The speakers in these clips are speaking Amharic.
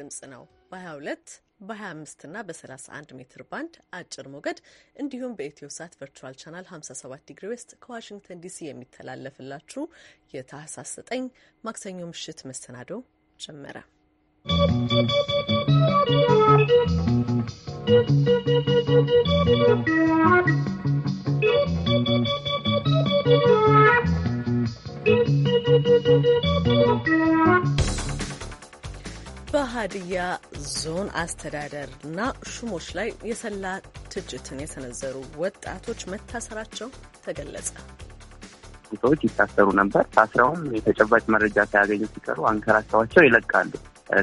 ድምጽ ነው። በ22 በ25 እና በ31 ሜትር ባንድ አጭር ሞገድ እንዲሁም በኢትዮ ሳት ቨርቹዋል ቻናል 57 ዲግሪ ዌስት ከዋሽንግተን ዲሲ የሚተላለፍላችሁ የታህሳስ 9 ማክሰኞ ምሽት መሰናዶ ጀመረ። ¶¶ በሀዲያ ዞን አስተዳደርና ሹሞች ላይ የሰላ ትችትን የሰነዘሩ ወጣቶች መታሰራቸው ተገለጸ። ሰዎች ይታሰሩ ነበር። ታስረውም የተጨባጭ መረጃ ሳያገኙ ሲቀሩ አንከራተዋቸው ይለቃሉ።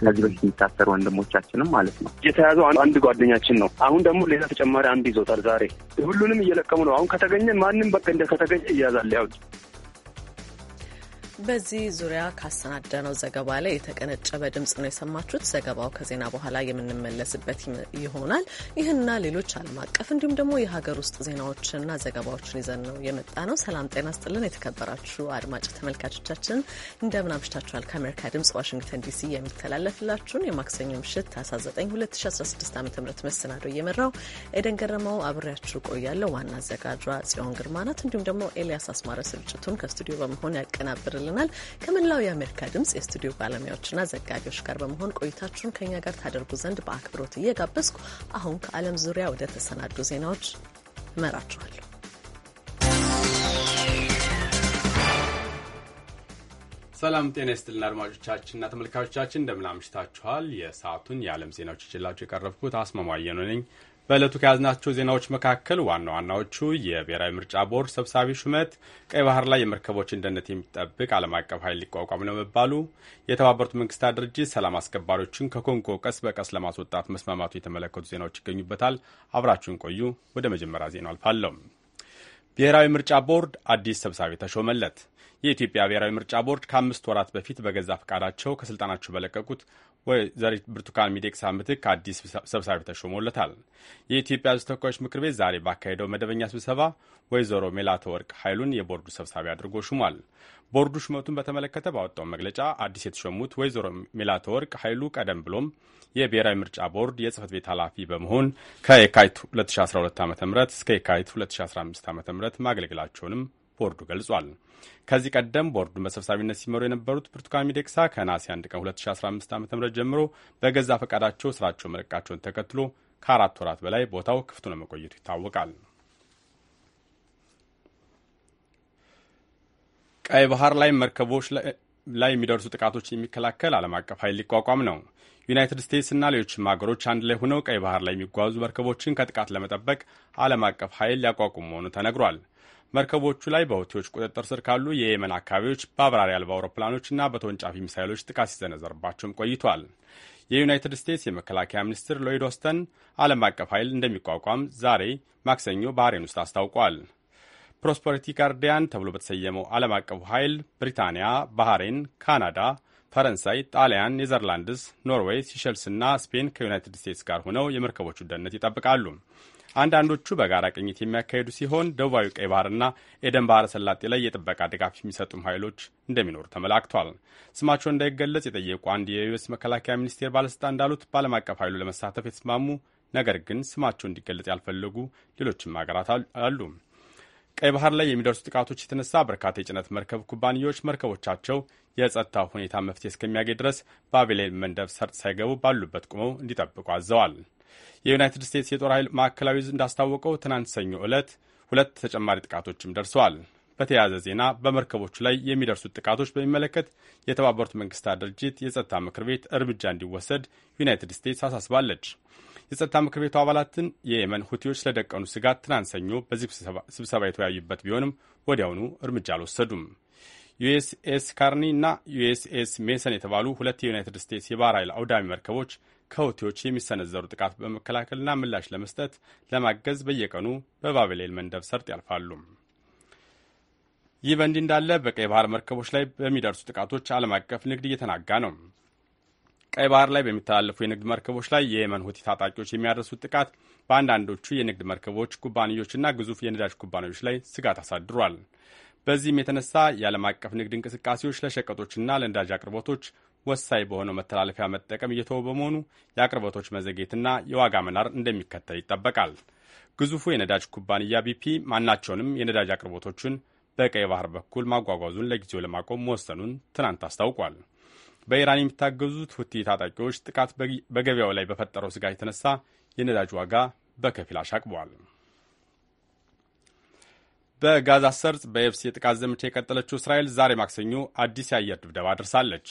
ከዚህ በፊት የሚታሰሩ ወንድሞቻችንም ማለት ነው። የተያዘው አንድ ጓደኛችን ነው። አሁን ደግሞ ሌላ ተጨማሪ አንድ ይዞታል። ዛሬ ሁሉንም እየለቀሙ ነው። አሁን ከተገኘ ማንም በቃ እንደ ከተገኘ እያዛል በዚህ ዙሪያ ካሰናዳነው ዘገባ ላይ የተቀነጨበ ድምጽ ነው የሰማችሁት። ዘገባው ከዜና በኋላ የምንመለስበት ይሆናል። ይህና ሌሎች ዓለም አቀፍ እንዲሁም ደግሞ የሀገር ውስጥ ዜናዎችንና ዘገባዎችን ይዘን ነው የመጣ ነው። ሰላም ጤና ስጥልን። የተከበራችሁ አድማጭ ተመልካቾቻችን እንደምን አምሽታችኋል? ከአሜሪካ ድምጽ ዋሽንግተን ዲሲ የሚተላለፍላችሁን የማክሰኞ ምሽት ታህሳስ 9 2016 ዓ ም መሰናዶ እየመራው ኤደን ገረመው አብሬያችሁ ቆያለሁ። ዋና አዘጋጇ ጽዮን ግርማ ናት። እንዲሁም ደግሞ ኤልያስ አስማረ ስርጭቱን ከስቱዲዮ በመሆን ያቀናብርልን ይደርሱልናል። ከመላው የአሜሪካ ድምፅ የስቱዲዮ ባለሙያዎችና ዘጋቢዎች ጋር በመሆን ቆይታችሁን ከኛ ጋር ታደርጉ ዘንድ በአክብሮት እየጋበዝኩ አሁን ከዓለም ዙሪያ ወደ ተሰናዱ ዜናዎች እመራችኋለሁ። ሰላም ጤና ይስጥልን አድማጮቻችንና ተመልካቾቻችን እንደምን አምሽታችኋል። የሰዓቱን የዓለም ዜናዎች ይዤላችሁ የቀረብኩት አስማማየኑ ነኝ። በዕለቱ ከያዝናቸው ዜናዎች መካከል ዋና ዋናዎቹ የብሔራዊ ምርጫ ቦርድ ሰብሳቢ ሹመት፣ ቀይ ባህር ላይ የመርከቦችን ደህንነት የሚጠብቅ ዓለም አቀፍ ኃይል ሊቋቋም ነው መባሉ፣ የተባበሩት መንግስታት ድርጅት ሰላም አስከባሪዎችን ከኮንጎ ቀስ በቀስ ለማስወጣት መስማማቱ የተመለከቱ ዜናዎች ይገኙበታል። አብራችሁን ቆዩ። ወደ መጀመሪያ ዜና አልፋለሁ። ብሔራዊ ምርጫ ቦርድ አዲስ ሰብሳቢ ተሾመለት። የኢትዮጵያ ብሔራዊ ምርጫ ቦርድ ከአምስት ወራት በፊት በገዛ ፈቃዳቸው ከስልጣናቸው በለቀቁት ወይዘሪት ብርቱካን ሚደቅሳ ምትክ አዲስ ሰብሳቢ ተሾሞለታል። የኢትዮጵያ ሕዝብ ተወካዮች ምክር ቤት ዛሬ ባካሄደው መደበኛ ስብሰባ ወይዘሮ ሜላተ ወርቅ ኃይሉን የቦርዱ ሰብሳቢ አድርጎ ሹሟል። ቦርዱ ሹመቱን በተመለከተ ባወጣው መግለጫ አዲስ የተሾሙት ወይዘሮ ሜላተ ወርቅ ኃይሉ ቀደም ብሎም የብሔራዊ ምርጫ ቦርድ የጽህፈት ቤት ኃላፊ በመሆን ከየካቲት 2012 ዓ ም እስከ የካቲት 2015 ዓ ም ማገልገላቸውንም ቦርዱ ገልጿል። ከዚህ ቀደም ቦርዱን በሰብሳቢነት ሲመሩ የነበሩት ብርቱካን ሚደቅሳ ከነሐሴ 1 ቀን 2015 ዓ ም ጀምሮ በገዛ ፈቃዳቸው ስራቸው መልቀቃቸውን ተከትሎ ከአራት ወራት በላይ ቦታው ክፍት ሆኖ መቆየቱ ይታወቃል። ቀይ ባህር ላይ መርከቦች ላይ የሚደርሱ ጥቃቶች የሚከላከል ዓለም አቀፍ ኃይል ሊቋቋም ነው። ዩናይትድ ስቴትስና ሌሎችም ሀገሮች አንድ ላይ ሆነው ቀይ ባህር ላይ የሚጓዙ መርከቦችን ከጥቃት ለመጠበቅ ዓለም አቀፍ ኃይል ሊያቋቁም መሆኑ ተነግሯል። መርከቦቹ ላይ በሁቲዎች ቁጥጥር ስር ካሉ የየመን አካባቢዎች በአብራሪ አልባ አውሮፕላኖችና በተወንጫፊ ሚሳይሎች ጥቃት ሲሰነዘርባቸውም ቆይቷል። የዩናይትድ ስቴትስ የመከላከያ ሚኒስትር ሎይድ ኦስተን ዓለም አቀፍ ኃይል እንደሚቋቋም ዛሬ ማክሰኞ ባህሬን ውስጥ አስታውቋል። ፕሮስፐሪቲ ጋርዲያን ተብሎ በተሰየመው ዓለም አቀፉ ኃይል ብሪታንያ፣ ባህሬን፣ ካናዳ፣ ፈረንሳይ፣ ጣሊያን፣ ኔዘርላንድስ፣ ኖርዌይ፣ ሲሸልስና ስፔን ከዩናይትድ ስቴትስ ጋር ሆነው የመርከቦቹ ደህንነት ይጠብቃሉ። አንዳንዶቹ በጋራ ቅኝት የሚያካሄዱ ሲሆን ደቡባዊ ቀይ ባህርና ኤደን ባህረ ሰላጤ ላይ የጥበቃ ድጋፍ የሚሰጡም ኃይሎች እንደሚኖሩ ተመላክቷል። ስማቸው እንዳይገለጽ የጠየቁ አንድ የዩኤስ መከላከያ ሚኒስቴር ባለስልጣን እንዳሉት በዓለም አቀፍ ኃይሉ ለመሳተፍ የተስማሙ ነገር ግን ስማቸው እንዲገለጽ ያልፈለጉ ሌሎችም ሀገራት አሉ። ቀይ ባህር ላይ የሚደርሱ ጥቃቶች የተነሳ በርካታ የጭነት መርከብ ኩባንያዎች መርከቦቻቸው የጸጥታ ሁኔታ መፍትሄ እስከሚያገኝ ድረስ በአቤሌን መንደብ ሰርጥ ሳይገቡ ባሉበት ቁመው እንዲጠብቁ አዘዋል። የዩናይትድ ስቴትስ የጦር ኃይል ማዕከላዊ ዕዝ እንዳስታወቀው ትናንት ሰኞ ዕለት ሁለት ተጨማሪ ጥቃቶችም ደርሰዋል። በተያያዘ ዜና በመርከቦቹ ላይ የሚደርሱት ጥቃቶች በሚመለከት የተባበሩት መንግስታት ድርጅት የጸጥታ ምክር ቤት እርምጃ እንዲወሰድ ዩናይትድ ስቴትስ አሳስባለች። የጸጥታ ምክር ቤቱ አባላትን የየመን ሁቲዎች ስለደቀኑ ስጋት ትናንት ሰኞ በዚህ ስብሰባ የተወያዩበት ቢሆንም ወዲያውኑ እርምጃ አልወሰዱም። ዩኤስኤስ ካርኒ እና ዩኤስኤስ ሜሰን የተባሉ ሁለት የዩናይትድ ስቴትስ የባህር ኃይል አውዳሚ መርከቦች ከሁቲዎች የሚሰነዘሩ ጥቃት በመከላከልና ምላሽ ለመስጠት ለማገዝ በየቀኑ በባቤሌል መንደብ ሰርጥ ያልፋሉ። ይህ በእንዲህ እንዳለ በቀይ ባህር መርከቦች ላይ በሚደርሱ ጥቃቶች ዓለም አቀፍ ንግድ እየተናጋ ነው። ቀይ ባህር ላይ በሚተላለፉ የንግድ መርከቦች ላይ የየመን ሁቲ ታጣቂዎች የሚያደርሱት ጥቃት በአንዳንዶቹ የንግድ መርከቦች ኩባንያዎችና ግዙፍ የነዳጅ ኩባንያዎች ላይ ስጋት አሳድሯል። በዚህም የተነሳ የዓለም አቀፍ ንግድ እንቅስቃሴዎች ለሸቀጦችና ለነዳጅ አቅርቦቶች ወሳኝ በሆነው መተላለፊያ መጠቀም እየተወ በመሆኑ የአቅርቦቶች መዘግየትና የዋጋ መናር እንደሚከተል ይጠበቃል። ግዙፉ የነዳጅ ኩባንያ ቢፒ ማናቸውንም የነዳጅ አቅርቦቶቹን በቀይ ባህር በኩል ማጓጓዙን ለጊዜው ለማቆም መወሰኑን ትናንት አስታውቋል። በኢራን የሚታገዙት ሁቲ ታጣቂዎች ጥቃት በገበያው ላይ በፈጠረው ስጋት የተነሳ የነዳጅ ዋጋ በከፊል አሻቅበዋል። በጋዛ ሰርጥ በየብስ የጥቃት ዘመቻ የቀጠለችው እስራኤል ዛሬ ማክሰኞ አዲስ የአየር ድብደባ አድርሳለች።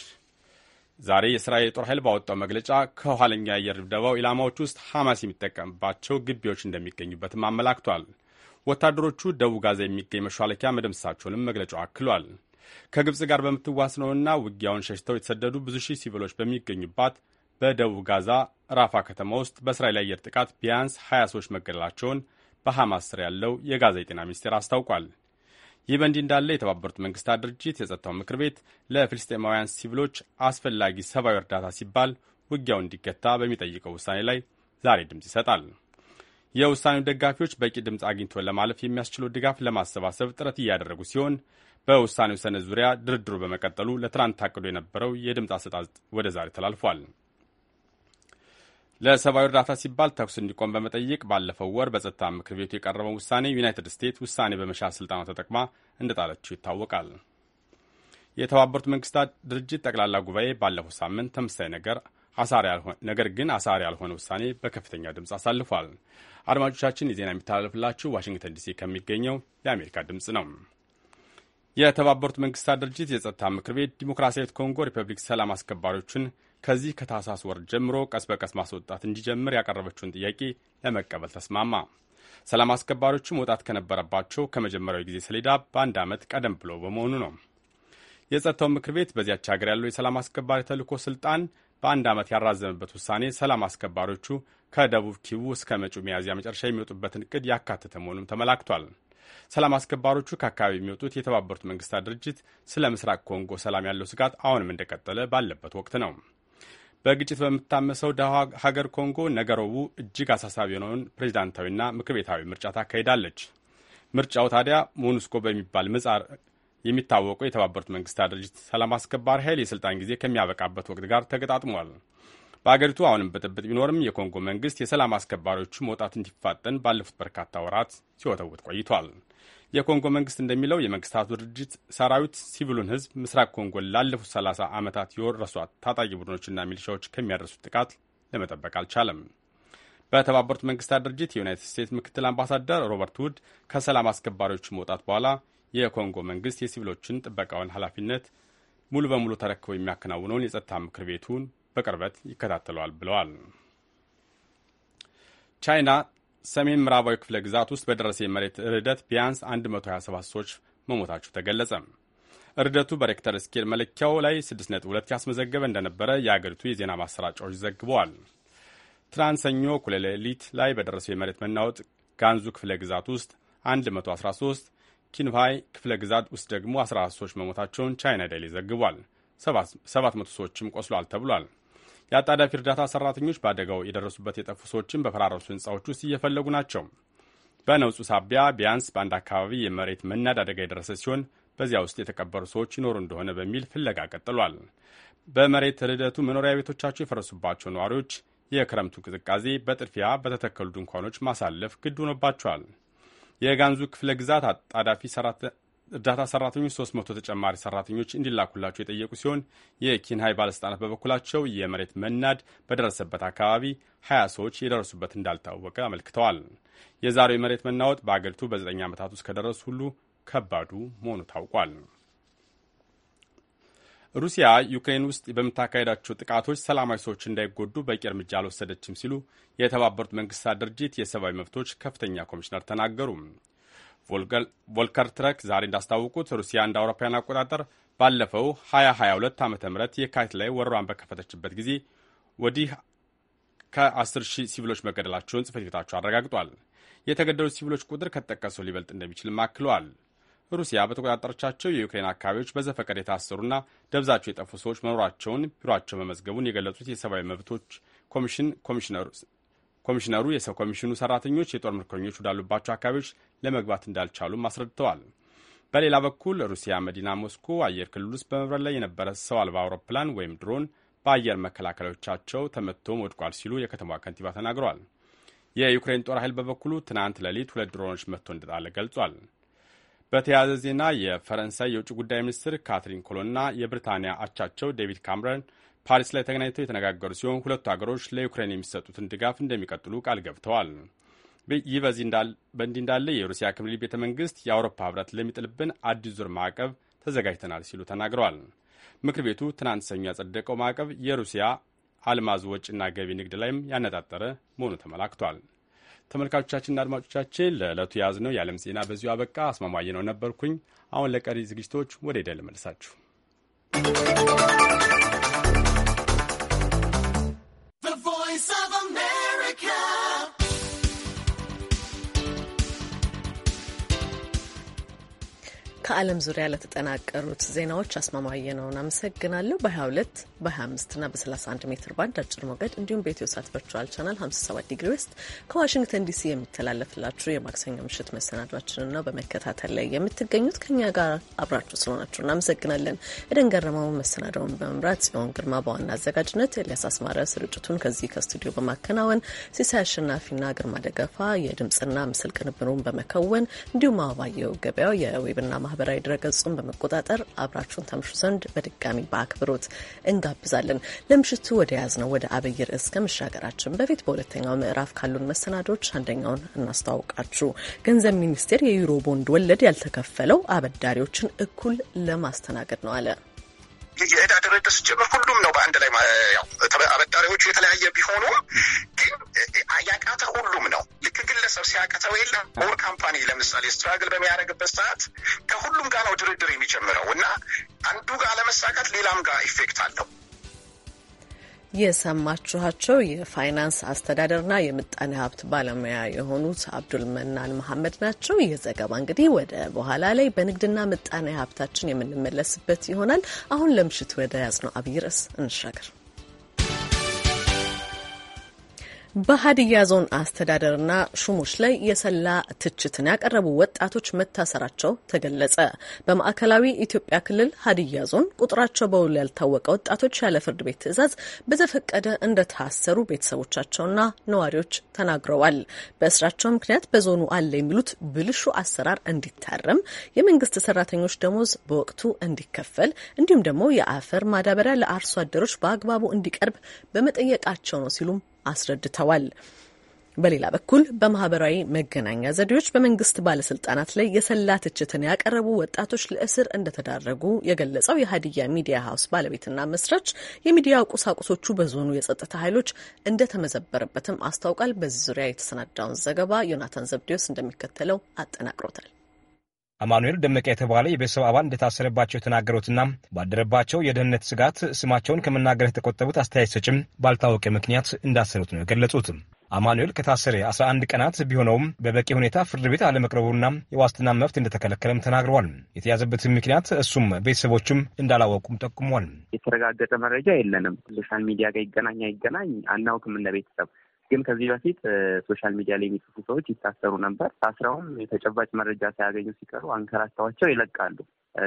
ዛሬ የእስራኤል የጦር ኃይል ባወጣው መግለጫ ከኋለኛ የአየር ድብደባው ኢላማዎች ውስጥ ሐማስ የሚጠቀምባቸው ግቢዎች እንደሚገኙበትም አመላክቷል። ወታደሮቹ ደቡብ ጋዛ የሚገኝ መሿለኪያ መደምሰሳቸውንም መግለጫው አክሏል። ከግብፅ ጋር በምትዋስነውና ውጊያውን ሸሽተው የተሰደዱ ብዙ ሺህ ሲቪሎች በሚገኙባት በደቡብ ጋዛ ራፋ ከተማ ውስጥ በእስራኤል አየር ጥቃት ቢያንስ 20 ሰዎች መገደላቸውን በሐማስ ስር ያለው የጋዛ የጤና ሚኒስቴር አስታውቋል። ይህ በእንዲህ እንዳለ የተባበሩት መንግስታት ድርጅት የጸጥታው ምክር ቤት ለፍልስጤማውያን ሲቪሎች አስፈላጊ ሰብአዊ እርዳታ ሲባል ውጊያው እንዲገታ በሚጠይቀው ውሳኔ ላይ ዛሬ ድምፅ ይሰጣል። የውሳኔው ደጋፊዎች በቂ ድምፅ አግኝቶ ለማለፍ የሚያስችለው ድጋፍ ለማሰባሰብ ጥረት እያደረጉ ሲሆን በውሳኔው ሰነድ ዙሪያ ድርድሩ በመቀጠሉ ለትናንት ታቅዶ የነበረው የድምፅ አሰጣጥ ወደ ዛሬ ተላልፏል። ለሰብአዊ እርዳታ ሲባል ተኩስ እንዲቆም በመጠየቅ ባለፈው ወር በጸጥታ ምክር ቤቱ የቀረበው ውሳኔ ዩናይትድ ስቴትስ ውሳኔ በመሻር ስልጣኗ ተጠቅማ እንደጣለችው ይታወቃል። የተባበሩት መንግስታት ድርጅት ጠቅላላ ጉባኤ ባለፈው ሳምንት ተመሳሳይ ነገር ነገር ግን አሳሪ ያልሆነ ውሳኔ በከፍተኛ ድምፅ አሳልፏል። አድማጮቻችን የዜና የሚተላለፍላችሁ ዋሽንግተን ዲሲ ከሚገኘው የአሜሪካ ድምፅ ነው። የተባበሩት መንግስታት ድርጅት የጸጥታ ምክር ቤት ዲሞክራሲያዊት ኮንጎ ሪፐብሊክ ሰላም አስከባሪዎቹን ከዚህ ከታህሳስ ወር ጀምሮ ቀስ በቀስ ማስወጣት እንዲጀምር ያቀረበችውን ጥያቄ ለመቀበል ተስማማ። ሰላም አስከባሪዎቹ መውጣት ከነበረባቸው ከመጀመሪያው ጊዜ ሰሌዳ በአንድ ዓመት ቀደም ብሎ በመሆኑ ነው። የጸጥታው ምክር ቤት በዚያች ሀገር ያለው የሰላም አስከባሪ ተልኮ ስልጣን በአንድ ዓመት ያራዘመበት ውሳኔ ሰላም አስከባሪዎቹ ከደቡብ ኪቡ እስከ መጪው ሚያዝያ መጨረሻ የሚወጡበትን እቅድ ያካተተ መሆኑም ተመላክቷል። ሰላም አስከባሪዎቹ ከአካባቢ የሚወጡት የተባበሩት መንግስታት ድርጅት ስለ ምስራቅ ኮንጎ ሰላም ያለው ስጋት አሁንም እንደቀጠለ ባለበት ወቅት ነው። በግጭት በምታመሰው ደሃ ሀገር ኮንጎ ነገ ረቡዕ እጅግ አሳሳቢ የሆነውን ፕሬዚዳንታዊና ምክር ቤታዊ ምርጫ ታካሂዳለች። ምርጫው ታዲያ ሞኑስኮ በሚባል ምጻር የሚታወቀው የተባበሩት መንግስታት ድርጅት ሰላም አስከባሪ ኃይል የስልጣን ጊዜ ከሚያበቃበት ወቅት ጋር ተገጣጥሟል። በአገሪቱ አሁንም ብጥብጥ ቢኖርም የኮንጎ መንግስት የሰላም አስከባሪዎቹ መውጣት እንዲፋጠን ባለፉት በርካታ ወራት ሲወተውት ቆይቷል። የኮንጎ መንግስት እንደሚለው የመንግስታቱ ድርጅት ሰራዊት ሲቪሉን ህዝብ ምስራቅ ኮንጎን ላለፉት 30 ዓመታት የወረሷት ታጣቂ ቡድኖችና ሚሊሻዎች ከሚያደርሱት ጥቃት ለመጠበቅ አልቻለም። በተባበሩት መንግስታት ድርጅት የዩናይትድ ስቴትስ ምክትል አምባሳደር ሮበርት ውድ ከሰላም አስከባሪዎቹ መውጣት በኋላ የኮንጎ መንግስት የሲቪሎችን ጥበቃውን ኃላፊነት ሙሉ በሙሉ ተረክቦ የሚያከናውነውን የጸጥታ ምክር ቤቱን በቅርበት ይከታተለዋል ብለዋል። ቻይና ሰሜን ምዕራባዊ ክፍለ ግዛት ውስጥ በደረሰ የመሬት ርዕደት ቢያንስ 127 ሰዎች መሞታቸው ተገለጸ። እርደቱ በሬክተር ስኬል መለኪያው ላይ 6.2 ያስመዘገበ እንደነበረ የአገሪቱ የዜና ማሰራጫዎች ዘግበዋል። ትናንት ሰኞ እኩለ ሌሊት ላይ በደረሰው የመሬት መናወጥ ጋንዙ ክፍለ ግዛት ውስጥ 113 ኪንፋይ ክፍለ ግዛት ውስጥ ደግሞ 14 ሰዎች መሞታቸውን ቻይና ዴይሊ ዘግቧል። 700 ሰዎችም ቆስሏል ተብሏል። የአጣዳፊ እርዳታ ሰራተኞች በአደጋው የደረሱበት የጠፉ ሰዎችን በፈራረሱ ህንፃዎች ውስጥ እየፈለጉ ናቸው። በነውጹ ሳቢያ ቢያንስ በአንድ አካባቢ የመሬት መናድ አደጋ የደረሰ ሲሆን በዚያ ውስጥ የተቀበሩ ሰዎች ይኖሩ እንደሆነ በሚል ፍለጋ ቀጥሏል። በመሬት ልደቱ መኖሪያ ቤቶቻቸው የፈረሱባቸው ነዋሪዎች የክረምቱ ቅዝቃዜ በጥድፊያ በተተከሉ ድንኳኖች ማሳለፍ ግድ ሆኖባቸዋል። የጋንዙ ክፍለ ግዛት አጣዳፊ እርዳታ ሰራተኞች 300 ተጨማሪ ሰራተኞች እንዲላኩላቸው የጠየቁ ሲሆን የኪንሃይ ባለስልጣናት በበኩላቸው የመሬት መናድ በደረሰበት አካባቢ 20 ሰዎች የደረሱበት እንዳልታወቀ አመልክተዋል። የዛሬው የመሬት መናወጥ በአገሪቱ በ9 ዓመታት ውስጥ ከደረሱ ሁሉ ከባዱ መሆኑ ታውቋል። ሩሲያ ዩክሬን ውስጥ በምታካሄዳቸው ጥቃቶች ሰላማዊ ሰዎች እንዳይጎዱ በቂ እርምጃ አልወሰደችም ሲሉ የተባበሩት መንግስታት ድርጅት የሰብአዊ መብቶች ከፍተኛ ኮሚሽነር ተናገሩ። ቮልከር ትረክ ዛሬ እንዳስታወቁት ሩሲያ እንደ አውሮፓውያን አቆጣጠር ባለፈው 2022 ዓ ም የካቲት ላይ ወረሯን በከፈተችበት ጊዜ ወዲህ ከ10 ሺህ ሲቪሎች መገደላቸውን ጽፈት ቤታቸው አረጋግጧል። የተገደሉት ሲቪሎች ቁጥር ከተጠቀሰው ሊበልጥ እንደሚችልም አክለዋል። ሩሲያ በተቆጣጠረቻቸው የዩክሬን አካባቢዎች በዘፈቀድ የታሰሩና ደብዛቸው የጠፉ ሰዎች መኖራቸውን ቢሮቸው መመዝገቡን የገለጹት የሰብአዊ መብቶች ኮሚሽን ኮሚሽነር። ኮሚሽነሩ የሰው ኮሚሽኑ ሰራተኞች የጦር ምርኮኞች ወዳሉባቸው አካባቢዎች ለመግባት እንዳልቻሉም አስረድተዋል። በሌላ በኩል ሩሲያ መዲና ሞስኮ አየር ክልል ውስጥ በመብረር ላይ የነበረ ሰው አልባ አውሮፕላን ወይም ድሮን በአየር መከላከያዎቻቸው ተመትቶም ወድቋል ሲሉ የከተማዋ ከንቲባ ተናግረዋል። የዩክሬን ጦር ኃይል በበኩሉ ትናንት ሌሊት ሁለት ድሮኖች መጥቶ እንደጣለ ገልጿል። በተያያዘ ዜና የፈረንሳይ የውጭ ጉዳይ ሚኒስትር ካትሪን ኮሎና የብሪታንያ አቻቸው ዴቪድ ካምረን ፓሪስ ላይ ተገናኝተው የተነጋገሩ ሲሆን ሁለቱ አገሮች ለዩክሬን የሚሰጡትን ድጋፍ እንደሚቀጥሉ ቃል ገብተዋል። ይህ በእንዲህ እንዳለ የሩሲያ ክምል ቤተ መንግስት የአውሮፓ ህብረት ለሚጥልብን አዲስ ዙር ማዕቀብ ተዘጋጅተናል ሲሉ ተናግረዋል። ምክር ቤቱ ትናንት ሰኞ ያጸደቀው ማዕቀብ የሩሲያ አልማዝ ወጪና ገቢ ንግድ ላይም ያነጣጠረ መሆኑ ተመላክቷል። ተመልካቾቻችንና አድማጮቻችን ለዕለቱ የያዝነው የዓለም ዜና በዚሁ አበቃ። አስማማየ ነው ነበርኩኝ። አሁን ለቀሪ ዝግጅቶች ወደ ሄዳ ልመልሳችሁ። ከዓለም ዙሪያ ለተጠናቀሩት ዜናዎች አስማማየ ነውን አመሰግናለሁ። በ22 በ25 እና በ31 ሜትር ባንድ አጭር ሞገድ እንዲሁም በኢትዮ ሳት ቨርቹዋል ቻናል 57 ዲግሪ ውስጥ ከዋሽንግተን ዲሲ የሚተላለፍላችሁ የማክሰኞ ምሽት መሰናዷችንን ነው በመከታተል ላይ የምትገኙት። ከኛ ጋር አብራችሁ ስለሆናችሁ እናመሰግናለን። ኤደን ገረመው መሰናዳውን በመምራት ጽዮን ግርማ በዋና አዘጋጅነት፣ ኤልያስ አስማረ ስርጭቱን ከዚህ ከስቱዲዮ በማከናወን ሲሳይ አሸናፊና ግርማ ደገፋ የድምፅና ምስል ቅንብሩን በመከወን እንዲሁም አበባየው ገበያው የዌብና ማህበራዊ ድረገጹን በመቆጣጠር አብራችሁን ታምሹ ዘንድ በድጋሚ በአክብሮት እንጋብዛለን። ለምሽቱ ወደ ያዝ ነው ወደ አብይ ርዕስ ከመሻገራችን በፊት በሁለተኛው ምዕራፍ ካሉን መሰናዶች አንደኛውን እናስተዋውቃችሁ። ገንዘብ ሚኒስቴር የዩሮ ቦንድ ወለድ ያልተከፈለው አበዳሪዎችን እኩል ለማስተናገድ ነው አለ። የእዳ ድርድር ሲጀምር ሁሉም ነው በአንድ ላይ ያው አበዳሪዎቹ የተለያየ ቢሆኑም ግን ያቃተ ሁሉም ነው። ልክ ግለሰብ ሲያቀተው የለም ኦር ካምፓኒ ለምሳሌ ስትራግል በሚያደርግበት ሰዓት ከሁሉም ጋር ነው ድርድር የሚጀምረው እና አንዱ ጋር ለመሳካት ሌላም ጋር ኢፌክት አለው። የሰማችኋቸው የፋይናንስ አስተዳደርና የምጣኔ ሀብት ባለሙያ የሆኑት አብዱል መናን መሐመድ ናቸው። ይህ ዘገባ እንግዲህ ወደ በኋላ ላይ በንግድና ምጣኔ ሀብታችን የምንመለስበት ይሆናል። አሁን ለምሽት ወደ ያዝነው አብይ ርዕስ እንሻገር። በሀዲያ ዞን አስተዳደርና ሹሞች ላይ የሰላ ትችትን ያቀረቡ ወጣቶች መታሰራቸው ተገለጸ። በማዕከላዊ ኢትዮጵያ ክልል ሀዲያ ዞን ቁጥራቸው በውል ያልታወቀ ወጣቶች ያለ ፍርድ ቤት ትዕዛዝ በዘፈቀደ እንደታሰሩ ቤተሰቦቻቸውና ነዋሪዎች ተናግረዋል። በእስራቸው ምክንያት በዞኑ አለ የሚሉት ብልሹ አሰራር እንዲታረም፣ የመንግስት ሰራተኞች ደሞዝ በወቅቱ እንዲከፈል፣ እንዲሁም ደግሞ የአፈር ማዳበሪያ ለአርሶ አደሮች በአግባቡ እንዲቀርብ በመጠየቃቸው ነው ሲሉም አስረድተዋል። በሌላ በኩል በማህበራዊ መገናኛ ዘዴዎች በመንግስት ባለስልጣናት ላይ የሰላ ትችትን ያቀረቡ ወጣቶች ለእስር እንደተዳረጉ የገለጸው የሀዲያ ሚዲያ ሀውስ ባለቤትና መስራች የሚዲያ ቁሳቁሶቹ በዞኑ የጸጥታ ኃይሎች እንደተመዘበረበትም አስታውቃል። በዚህ ዙሪያ የተሰናዳውን ዘገባ ዮናታን ዘብዴዎስ እንደሚከተለው አጠናቅሮታል። አማኑኤል ደመቀ የተባለ የቤተሰብ አባል እንደታሰረባቸው የተናገሩትና ባደረባቸው የደህንነት ስጋት ስማቸውን ከመናገር የተቆጠቡት አስተያየት ሰጭም ባልታወቀ ምክንያት እንዳሰሩት ነው የገለጹት። አማኑኤል ከታሰረ 11 ቀናት ቢሆነውም በበቂ ሁኔታ ፍርድ ቤት አለመቅረቡና የዋስትና መብት እንደተከለከለም ተናግረዋል። የተያዘበትን ምክንያት እሱም ቤተሰቦቹም እንዳላወቁም ጠቁሟል። የተረጋገጠ መረጃ የለንም። ሶሻል ሚዲያ ጋር ይገናኝ አይገናኝ አናውቅም። እንደ ቤተሰብ ግን ከዚህ በፊት ሶሻል ሚዲያ ላይ የሚጽፉ ሰዎች ይታሰሩ ነበር። ታስረውም የተጨባጭ መረጃ ሳያገኙ ሲቀሩ አንከራተዋቸው ይለቃሉ።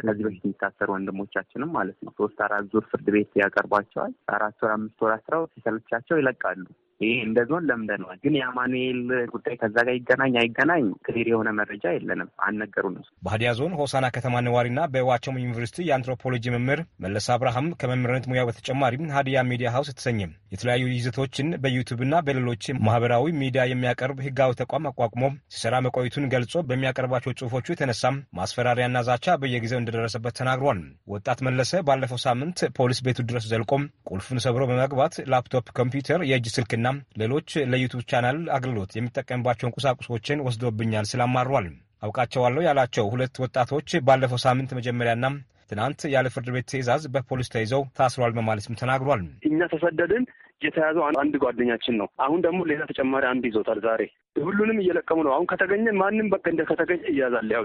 ከዚህ በፊት የሚታሰሩ ወንድሞቻችንም ማለት ነው ሶስት አራት ዙር ፍርድ ቤት ያቀርቧቸዋል። አራት ወር አምስት ወር አስረው ሲሰለቻቸው ይለቃሉ። ይህ እንደ ዞን ለምደነዋል። ግን የአማኑኤል ጉዳይ ከዛ ጋር ይገናኝ አይገናኝ ክሊር የሆነ መረጃ የለንም፣ አልነገሩንም። ባህዲያ ዞን ሆሳና ከተማ ነዋሪና በዋቸሞ ዩኒቨርሲቲ የአንትሮፖሎጂ መምህር መለስ አብርሃም ከመምህርነት ሙያ በተጨማሪም ሀዲያ ሚዲያ ሀውስ የተሰኘ የተለያዩ ይዘቶችን በዩቱብና በሌሎች ማህበራዊ ሚዲያ የሚያቀርብ ህጋዊ ተቋም አቋቁሞ ሲሰራ መቆየቱን ገልጾ በሚያቀርባቸው ጽሁፎቹ የተነሳም ማስፈራሪያና ዛቻ በየጊዜው እንደደረሰበት ተናግሯል። ወጣት መለሰ ባለፈው ሳምንት ፖሊስ ቤቱ ድረስ ዘልቆም ቁልፉን ሰብሮ በመግባት ላፕቶፕ፣ ኮምፒውተር፣ የእጅ ስልክና ሌሎች ለዩቱብ ቻናል አገልግሎት የሚጠቀምባቸውን ቁሳቁሶችን ወስዶብኛል ስላማሯል። አውቃቸዋለሁ ያላቸው ሁለት ወጣቶች ባለፈው ሳምንት መጀመሪያና ትናንት ያለ ፍርድ ቤት ትዕዛዝ በፖሊስ ተይዘው ታስሯል በማለትም ተናግሯል። እኛ ተሰደድን የተያዘው አንድ ጓደኛችን ነው። አሁን ደግሞ ሌላ ተጨማሪ አንድ ይዞታል። ዛሬ ሁሉንም እየለቀሙ ነው። አሁን ከተገኘ ማንም በቃ እንደ ከተገኘ እያዛል። ያው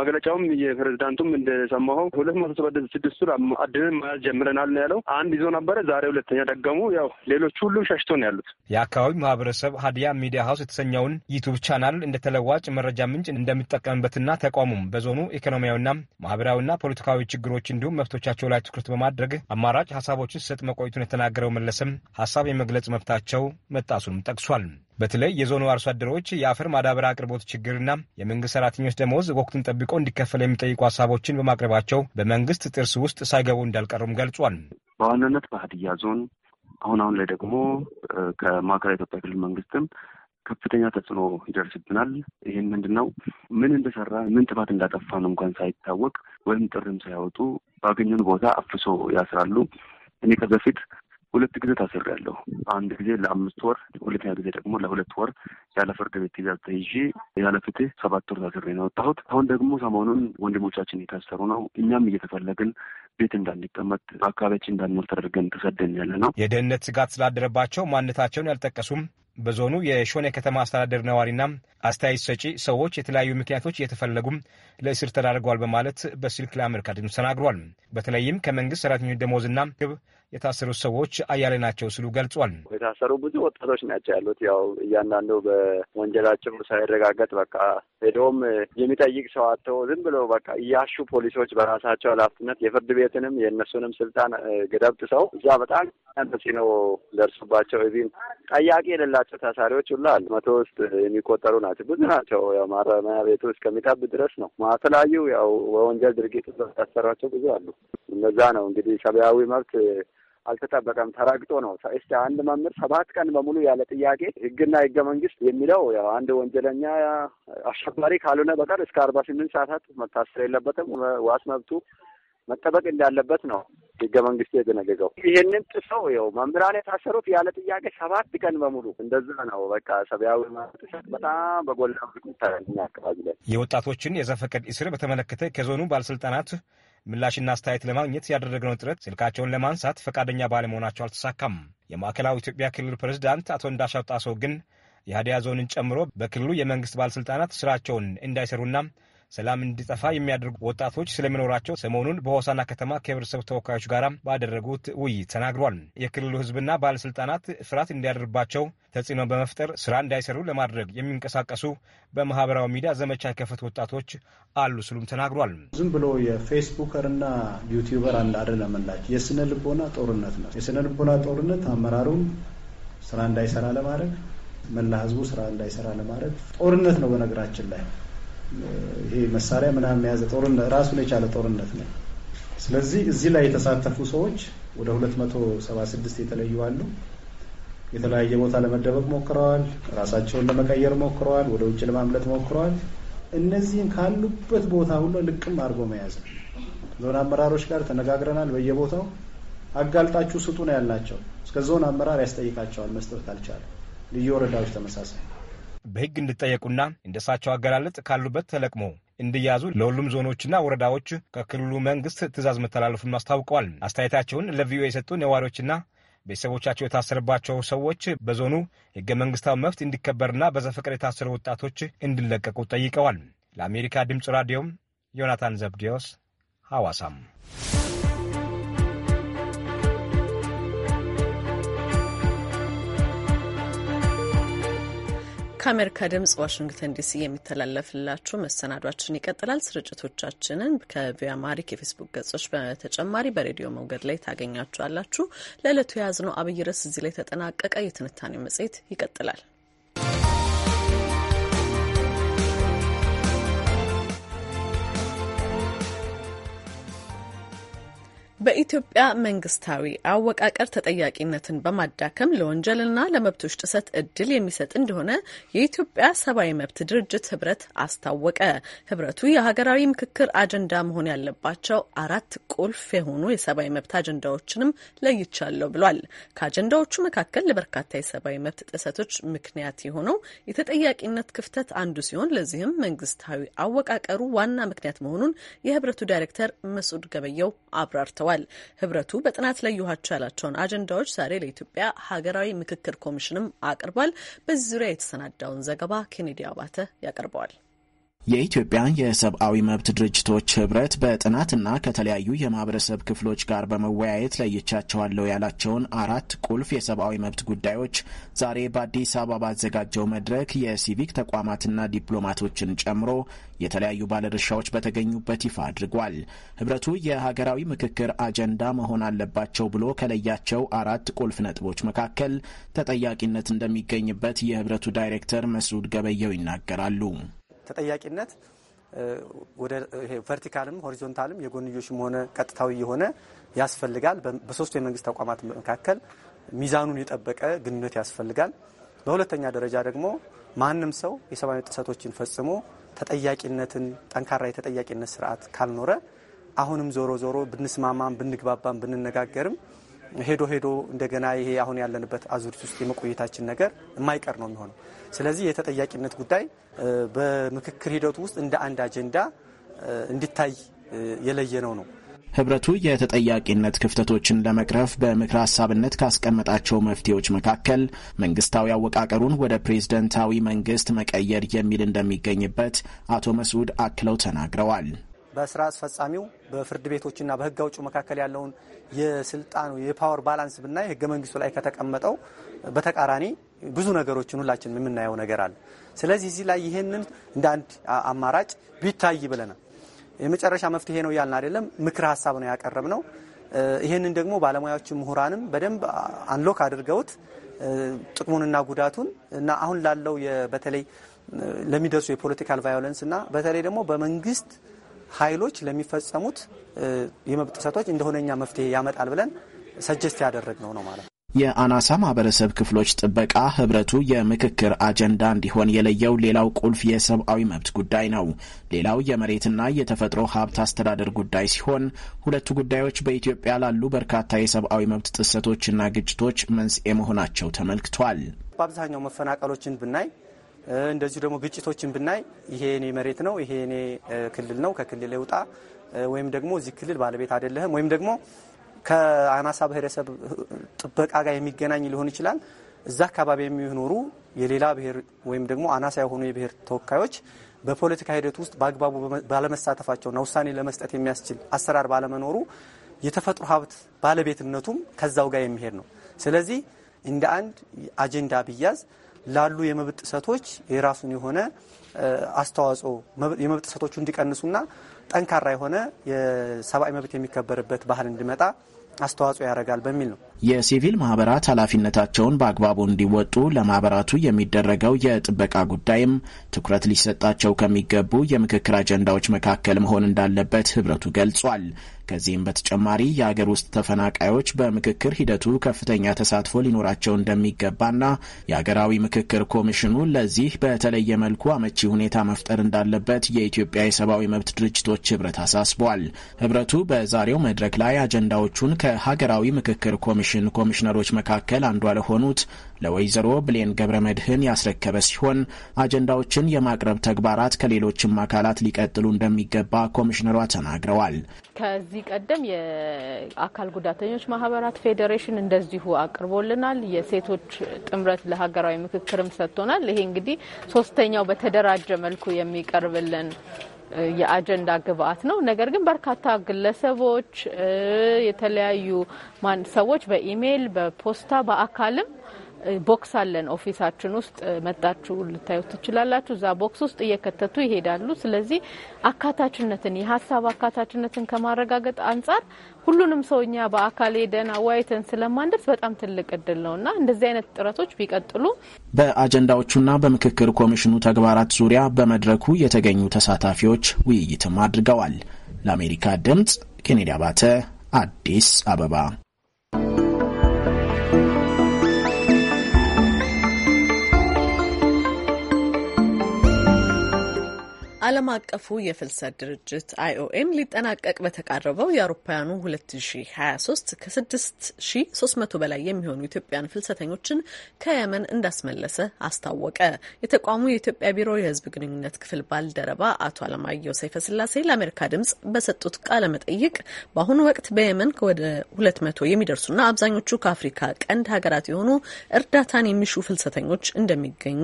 መግለጫውም የፕሬዚዳንቱም እንደሰማኸው ሁለት መቶ ሰባ ስድስቱን አድነን መያዝ ጀምረናል ነው ያለው። አንድ ይዞ ነበረ፣ ዛሬ ሁለተኛ ደገሙ። ያው ሌሎቹ ሁሉም ሸሽቶ ነው ያሉት። የአካባቢው ማህበረሰብ ሀዲያ ሚዲያ ሀውስ የተሰኘውን ዩቱብ ቻናል እንደ ተለዋጭ መረጃ ምንጭ እንደሚጠቀምበትና ተቋሙም በዞኑ ኢኮኖሚያዊና ማህበራዊና ፖለቲካዊ ችግሮች እንዲሁም መብቶቻቸው ላይ ትኩረት በማድረግ አማራጭ ሀሳቦችን ሲሰጥ መቆየቱን የተናገረው መለሰም ሀሳብ የመግለጽ መብታቸው መጣሱንም ጠቅሷል። በተለይ የዞኑ አርሶ አደሮች የአፈር ማዳበሪያ አቅርቦት ችግርና የመንግስት ሰራተኞች ደሞዝ ወቅቱን ጠብቆ እንዲከፈል የሚጠይቁ ሀሳቦችን በማቅረባቸው በመንግስት ጥርስ ውስጥ ሳይገቡ እንዳልቀሩም ገልጿል። በዋናነት በሀዲያ ዞን አሁን አሁን ላይ ደግሞ ከማዕከላዊ ኢትዮጵያ ክልል መንግስትም ከፍተኛ ተጽዕኖ ይደርስብናል። ይህን ምንድን ነው ምን እንደሰራ ምን ጥፋት እንዳጠፋን እንኳን ሳይታወቅ ወይም ጥርም ሳያወጡ ባገኙን ቦታ አፍሶ ያስራሉ። እኔ ከዚህ በፊት ሁለት ጊዜ ታስሬያለሁ። አንድ ጊዜ ለአምስት ወር፣ ሁለተኛ ጊዜ ደግሞ ለሁለት ወር ያለ ፍርድ ቤት ትዕዛዝ ተይዤ ያለ ፍትህ ሰባት ወር ታስሬ ነው የወጣሁት። አሁን ደግሞ ሰሞኑን ወንድሞቻችን እየታሰሩ ነው። እኛም እየተፈለግን ቤት እንዳንቀመጥ አካባቢያችን እንዳንኖር ተደርገን ተሰደን ያለ ነው። የደህንነት ስጋት ስላደረባቸው ማንነታቸውን ያልጠቀሱም በዞኑ የሾኔ ከተማ አስተዳደር ነዋሪና አስተያየት ሰጪ ሰዎች የተለያዩ ምክንያቶች እየተፈለጉም ለእስር ተዳርገዋል በማለት በስልክ ለአሜሪካ ድምፅ ተናግሯል። በተለይም ከመንግስት ሰራተኞች ደሞዝና ግብ የታሰሩት ሰዎች አያሌ ናቸው ሲሉ ገልጿል። የታሰሩ ብዙ ወጣቶች ናቸው ያሉት። ያው እያንዳንዱ በወንጀላቸው ሳይረጋገጥ በቃ ሄዶም የሚጠይቅ ሰው አተው ዝም ብሎ በቃ እያሹ ፖሊሶች በራሳቸው ኃላፊነት የፍርድ ቤትንም የእነሱንም ስልጣን ገደብ ሰው እዛ በጣም ነው ደርሱባቸው እዚህም ጠያቂ የሌላቸው ታሳሪዎች ሁላ አሉ። መቶ ውስጥ የሚቆጠሩ ናቸው። ብዙ ናቸው። ያው ማረሚያ ቤቱ እስከሚጠብ ድረስ ነው። የተለያዩ ያው በወንጀል ድርጊት ታሰሯቸው ብዙ አሉ። እነዛ ነው እንግዲህ ሰብአዊ መብት አልተጠበቀም። ተረግጦ ነው። እስቲ አንድ መምህር ሰባት ቀን በሙሉ ያለ ጥያቄ ህግና ህገ መንግስት የሚለው ያው አንድ ወንጀለኛ አሸባሪ ካልሆነ በቀር እስከ አርባ ስምንት ሰዓታት መታሰር የለበትም። ዋስ መብቱ መጠበቅ እንዳለበት ነው ህገ መንግስቱ የደነገገው። ይህንን ጥሰው ው መምህራን የታሰሩት ያለ ጥያቄ ሰባት ቀን በሙሉ እንደዛ ነው። በቃ ሰብአዊ ጥሰት በጣም በጎላ መልኩ ይታያል አካባቢ ላይ። የወጣቶችን የዘፈቀድ እስር በተመለከተ ከዞኑ ባለስልጣናት ምላሽና አስተያየት ለማግኘት ያደረግነው ጥረት ስልካቸውን ለማንሳት ፈቃደኛ ባለመሆናቸው አልተሳካም። የማዕከላዊ ኢትዮጵያ ክልል ፕሬዝዳንት አቶ እንዳሻው ጣሰው ግን የሀዲያ ዞንን ጨምሮ በክልሉ የመንግስት ባለሥልጣናት ስራቸውን እንዳይሰሩና ሰላም እንዲጠፋ የሚያደርጉ ወጣቶች ስለመኖራቸው ሰሞኑን በሆሳና ከተማ ከህብረተሰብ ተወካዮች ጋር ባደረጉት ውይይት ተናግሯል። የክልሉ ህዝብና ባለስልጣናት ፍርሃት እንዲያደርባቸው ተጽዕኖ በመፍጠር ስራ እንዳይሰሩ ለማድረግ የሚንቀሳቀሱ በማህበራዊ ሚዲያ ዘመቻ ከፈት ወጣቶች አሉ ስሉም ተናግሯል። ዝም ብሎ የፌስቡከርና ዩቲዩበር አንድ አደለመላቸው የስነ ልቦና ጦርነት ነው። የስነ ልቦና ጦርነት አመራሩም ስራ እንዳይሰራ ለማድረግ መላ ህዝቡ ስራ እንዳይሰራ ለማድረግ ጦርነት ነው። በነገራችን ላይ ይሄ መሳሪያ ምናምን የያዘ ጦርነት ራሱን የቻለ ጦርነት ነው። ስለዚህ እዚህ ላይ የተሳተፉ ሰዎች ወደ 276 የተለዩ አሉ። የተለያየ ቦታ ለመደበቅ ሞክረዋል። ራሳቸውን ለመቀየር ሞክረዋል። ወደ ውጭ ለማምለጥ ሞክረዋል። እነዚህን ካሉበት ቦታ ሁሉ ልቅም አድርጎ መያዝ ነው። ዞን አመራሮች ጋር ተነጋግረናል። በየቦታው አጋልጣችሁ ስጡ ነው ያልናቸው። እስከ ዞን አመራር ያስጠይቃቸዋል መስጠት አልቻለ። ልዩ ወረዳዎች ተመሳሳይ በሕግ እንዲጠየቁና እንደሳቸው አገላለጥ አገላለጽ ካሉበት ተለቅሞ እንዲያዙ ለሁሉም ዞኖችና ወረዳዎች ከክልሉ መንግስት ትዕዛዝ መተላለፉን አስታውቀዋል። አስተያየታቸውን ለቪኦኤ የሰጡ ነዋሪዎችና ቤተሰቦቻቸው የታሰረባቸው ሰዎች በዞኑ ህገ መንግስታዊ መብት እንዲከበርና በዘፈቀድ የታሰሩ ወጣቶች እንዲለቀቁ ጠይቀዋል። ለአሜሪካ ድምፅ ራዲዮም ዮናታን ዘብዴዎስ ሐዋሳም ከአሜሪካ ድምጽ ዋሽንግተን ዲሲ የሚተላለፍላችሁ መሰናዷችን ይቀጥላል። ስርጭቶቻችንን ከቪኦኤ ማሪክ የፌስቡክ ገጾች በተጨማሪ በሬዲዮ ሞገድ ላይ ታገኛችኋላችሁ። ለዕለቱ የያዝነው አብይ ርዕስ እዚህ ላይ ተጠናቀቀ። የትንታኔው መጽሔት ይቀጥላል። በኢትዮጵያ መንግስታዊ አወቃቀር ተጠያቂነትን በማዳከም ለወንጀልና ለመብቶች ጥሰት እድል የሚሰጥ እንደሆነ የኢትዮጵያ ሰብአዊ መብት ድርጅት ህብረት አስታወቀ። ህብረቱ የሀገራዊ ምክክር አጀንዳ መሆን ያለባቸው አራት ቁልፍ የሆኑ የሰብአዊ መብት አጀንዳዎችንም ለይቻለሁ ብሏል። ከአጀንዳዎቹ መካከል ለበርካታ የሰብአዊ መብት ጥሰቶች ምክንያት የሆነው የተጠያቂነት ክፍተት አንዱ ሲሆን ለዚህም መንግስታዊ አወቃቀሩ ዋና ምክንያት መሆኑን የህብረቱ ዳይሬክተር መስዑድ ገበየው አብራርተዋል። ገልጸዋል። ህብረቱ በጥናት ለየኋቸው ያላቸውን አጀንዳዎች ዛሬ ለኢትዮጵያ ሀገራዊ ምክክር ኮሚሽንም አቅርቧል። በዚህ ዙሪያ የተሰናዳውን ዘገባ ኬኔዲ አባተ ያቀርበዋል። የኢትዮጵያ የሰብአዊ መብት ድርጅቶች ህብረት በጥናትና ከተለያዩ የማህበረሰብ ክፍሎች ጋር በመወያየት ለይቻቸዋለሁ ያላቸውን አራት ቁልፍ የሰብአዊ መብት ጉዳዮች ዛሬ በአዲስ አበባ ባዘጋጀው መድረክ የሲቪክ ተቋማትና ዲፕሎማቶችን ጨምሮ የተለያዩ ባለድርሻዎች በተገኙበት ይፋ አድርጓል። ህብረቱ የሀገራዊ ምክክር አጀንዳ መሆን አለባቸው ብሎ ከለያቸው አራት ቁልፍ ነጥቦች መካከል ተጠያቂነት እንደሚገኝበት የህብረቱ ዳይሬክተር መስዑድ ገበየው ይናገራሉ። ተጠያቂነት ወደ ቨርቲካልም ሆሪዞንታልም የጎንዮሽም ሆነ ቀጥታዊ የሆነ ያስፈልጋል። በሶስቱ የመንግስት ተቋማት መካከል ሚዛኑን የጠበቀ ግንኙነት ያስፈልጋል። በሁለተኛ ደረጃ ደግሞ ማንም ሰው የሰብአዊ ጥሰቶችን ፈጽሞ ተጠያቂነትን ጠንካራ የተጠያቂነት ስርዓት ካልኖረ አሁንም ዞሮ ዞሮ ብንስማማም ብንግባባም ብንነጋገርም ሄዶ ሄዶ እንደገና ይሄ አሁን ያለንበት አዙሪት ውስጥ የመቆየታችን ነገር የማይቀር ነው የሚሆነው። ስለዚህ የተጠያቂነት ጉዳይ በምክክር ሂደቱ ውስጥ እንደ አንድ አጀንዳ እንዲታይ የለየነው ነው። ህብረቱ የተጠያቂነት ክፍተቶችን ለመቅረፍ በምክረ ሀሳብነት ካስቀመጣቸው መፍትሄዎች መካከል መንግስታዊ አወቃቀሩን ወደ ፕሬዝደንታዊ መንግስት መቀየር የሚል እንደሚገኝበት አቶ መስዑድ አክለው ተናግረዋል። በስራ አስፈጻሚው በፍርድ ቤቶችና በህግ አውጭ መካከል ያለውን የስልጣኑ የፓወር ባላንስ ብናይ ህገ መንግስቱ ላይ ከተቀመጠው በተቃራኒ ብዙ ነገሮችን ሁላችን የምናየው ነገር አለ። ስለዚህ እዚህ ላይ ይህንን እንደ አንድ አማራጭ ቢታይ ብለናል። የመጨረሻ መፍትሄ ነው እያልን አይደለም፣ ምክር ሀሳብ ነው ያቀረብ ነው። ይህንን ደግሞ ባለሙያዎች ምሁራንም በደንብ አንሎክ አድርገውት ጥቅሙንና ጉዳቱን እና አሁን ላለው በተለይ ለሚደርሱ የፖለቲካል ቫዮለንስ እና በተለይ ደግሞ በመንግስት ኃይሎች ለሚፈጸሙት የመብት ጥሰቶች እንደሆነኛ መፍትሄ ያመጣል ብለን ሰጀስት ነው ነው ማለት ነው። የአናሳ ማህበረሰብ ክፍሎች ጥበቃ ህብረቱ የምክክር አጀንዳ እንዲሆን የለየው ሌላው ቁልፍ የሰብአዊ መብት ጉዳይ ነው። ሌላው የመሬትና የተፈጥሮ ሀብት አስተዳደር ጉዳይ ሲሆን ሁለቱ ጉዳዮች በኢትዮጵያ ላሉ በርካታ የሰብአዊ መብት ጥሰቶችና ግጭቶች መንስኤ መሆናቸው ተመልክቷል። በአብዛኛው መፈናቀሎችን ብናይ እንደዚሁ ደግሞ ግጭቶችን ብናይ ይሄ የኔ መሬት ነው፣ ይሄ የኔ ክልል ነው፣ ከክልል ውጣ ወይም ደግሞ እዚህ ክልል ባለቤት አይደለህም ወይም ደግሞ ከአናሳ ብሔረሰብ ጥበቃ ጋር የሚገናኝ ሊሆን ይችላል። እዛ አካባቢ የሚኖሩ የሌላ ብሔር ወይም ደግሞ አናሳ የሆኑ የብሔር ተወካዮች በፖለቲካ ሂደት ውስጥ በአግባቡ ባለመሳተፋቸውና ውሳኔ ለመስጠት የሚያስችል አሰራር ባለመኖሩ የተፈጥሮ ሀብት ባለቤትነቱም ከዛው ጋር የሚሄድ ነው። ስለዚህ እንደ አንድ አጀንዳ ብያዝ ላሉ የመብት ጥሰቶች የራሱን የሆነ አስተዋጽኦ የመብት ጥሰቶቹ እንዲቀንሱና ጠንካራ የሆነ የሰብአዊ መብት የሚከበርበት ባህል እንዲመጣ አስተዋጽኦ ያደርጋል በሚል ነው። የሲቪል ማህበራት ኃላፊነታቸውን በአግባቡ እንዲወጡ ለማህበራቱ የሚደረገው የጥበቃ ጉዳይም ትኩረት ሊሰጣቸው ከሚገቡ የምክክር አጀንዳዎች መካከል መሆን እንዳለበት ህብረቱ ገልጿል። ከዚህም በተጨማሪ የአገር ውስጥ ተፈናቃዮች በምክክር ሂደቱ ከፍተኛ ተሳትፎ ሊኖራቸው እንደሚገባና የአገራዊ ምክክር ኮሚሽኑ ለዚህ በተለየ መልኩ አመቺ ሁኔታ መፍጠር እንዳለበት የኢትዮጵያ የሰብአዊ መብት ድርጅቶች ህብረት አሳስቧል። ህብረቱ በዛሬው መድረክ ላይ አጀንዳዎቹን ከሀገራዊ ምክክር ኮሚሽን ኮሚሽን ኮሚሽነሮች መካከል አንዷ ለሆኑት ለወይዘሮ ብሌን ገብረ መድህን ያስረከበ ሲሆን አጀንዳዎችን የማቅረብ ተግባራት ከሌሎችም አካላት ሊቀጥሉ እንደሚገባ ኮሚሽነሯ ተናግረዋል። ከዚህ ቀደም የአካል ጉዳተኞች ማህበራት ፌዴሬሽን እንደዚሁ አቅርቦልናል። የሴቶች ጥምረት ለሀገራዊ ምክክርም ሰጥቶናል። ይሄ እንግዲህ ሶስተኛው በተደራጀ መልኩ የሚቀርብልን የአጀንዳ ግብአት ነው። ነገር ግን በርካታ ግለሰቦች የተለያዩ ሰዎች በኢሜይል፣ በፖስታ፣ በአካልም ቦክስ አለን ኦፊሳችን ውስጥ መጣችሁ ልታዩት ትችላላችሁ። እዛ ቦክስ ውስጥ እየከተቱ ይሄዳሉ። ስለዚህ አካታችነትን የሀሳብ አካታችነትን ከማረጋገጥ አንጻር ሁሉንም ሰው እኛ በአካል ሄደን አዋይተን ስለማንደርስ በጣም ትልቅ እድል ነው እና እንደዚህ አይነት ጥረቶች ቢቀጥሉ በአጀንዳዎቹና በምክክር ኮሚሽኑ ተግባራት ዙሪያ በመድረኩ የተገኙ ተሳታፊዎች ውይይትም አድርገዋል። ለአሜሪካ ድምጽ ኬኔዲ አባተ አዲስ አበባ ዓለም አቀፉ የፍልሰት ድርጅት አይኦኤም ሊጠናቀቅ በተቃረበው የአውሮፓውያኑ 2023 ከ6300 በላይ የሚሆኑ ኢትዮጵያን ፍልሰተኞችን ከየመን እንዳስመለሰ አስታወቀ። የተቋሙ የኢትዮጵያ ቢሮ የሕዝብ ግንኙነት ክፍል ባልደረባ አቶ አለማየሁ ሰይፈስላሴ ለአሜሪካ ድምጽ በሰጡት ቃለ መጠይቅ በአሁኑ ወቅት በየመን ወደ 200 የሚደርሱና አብዛኞቹ ከአፍሪካ ቀንድ ሀገራት የሆኑ እርዳታን የሚሹ ፍልሰተኞች እንደሚገኙ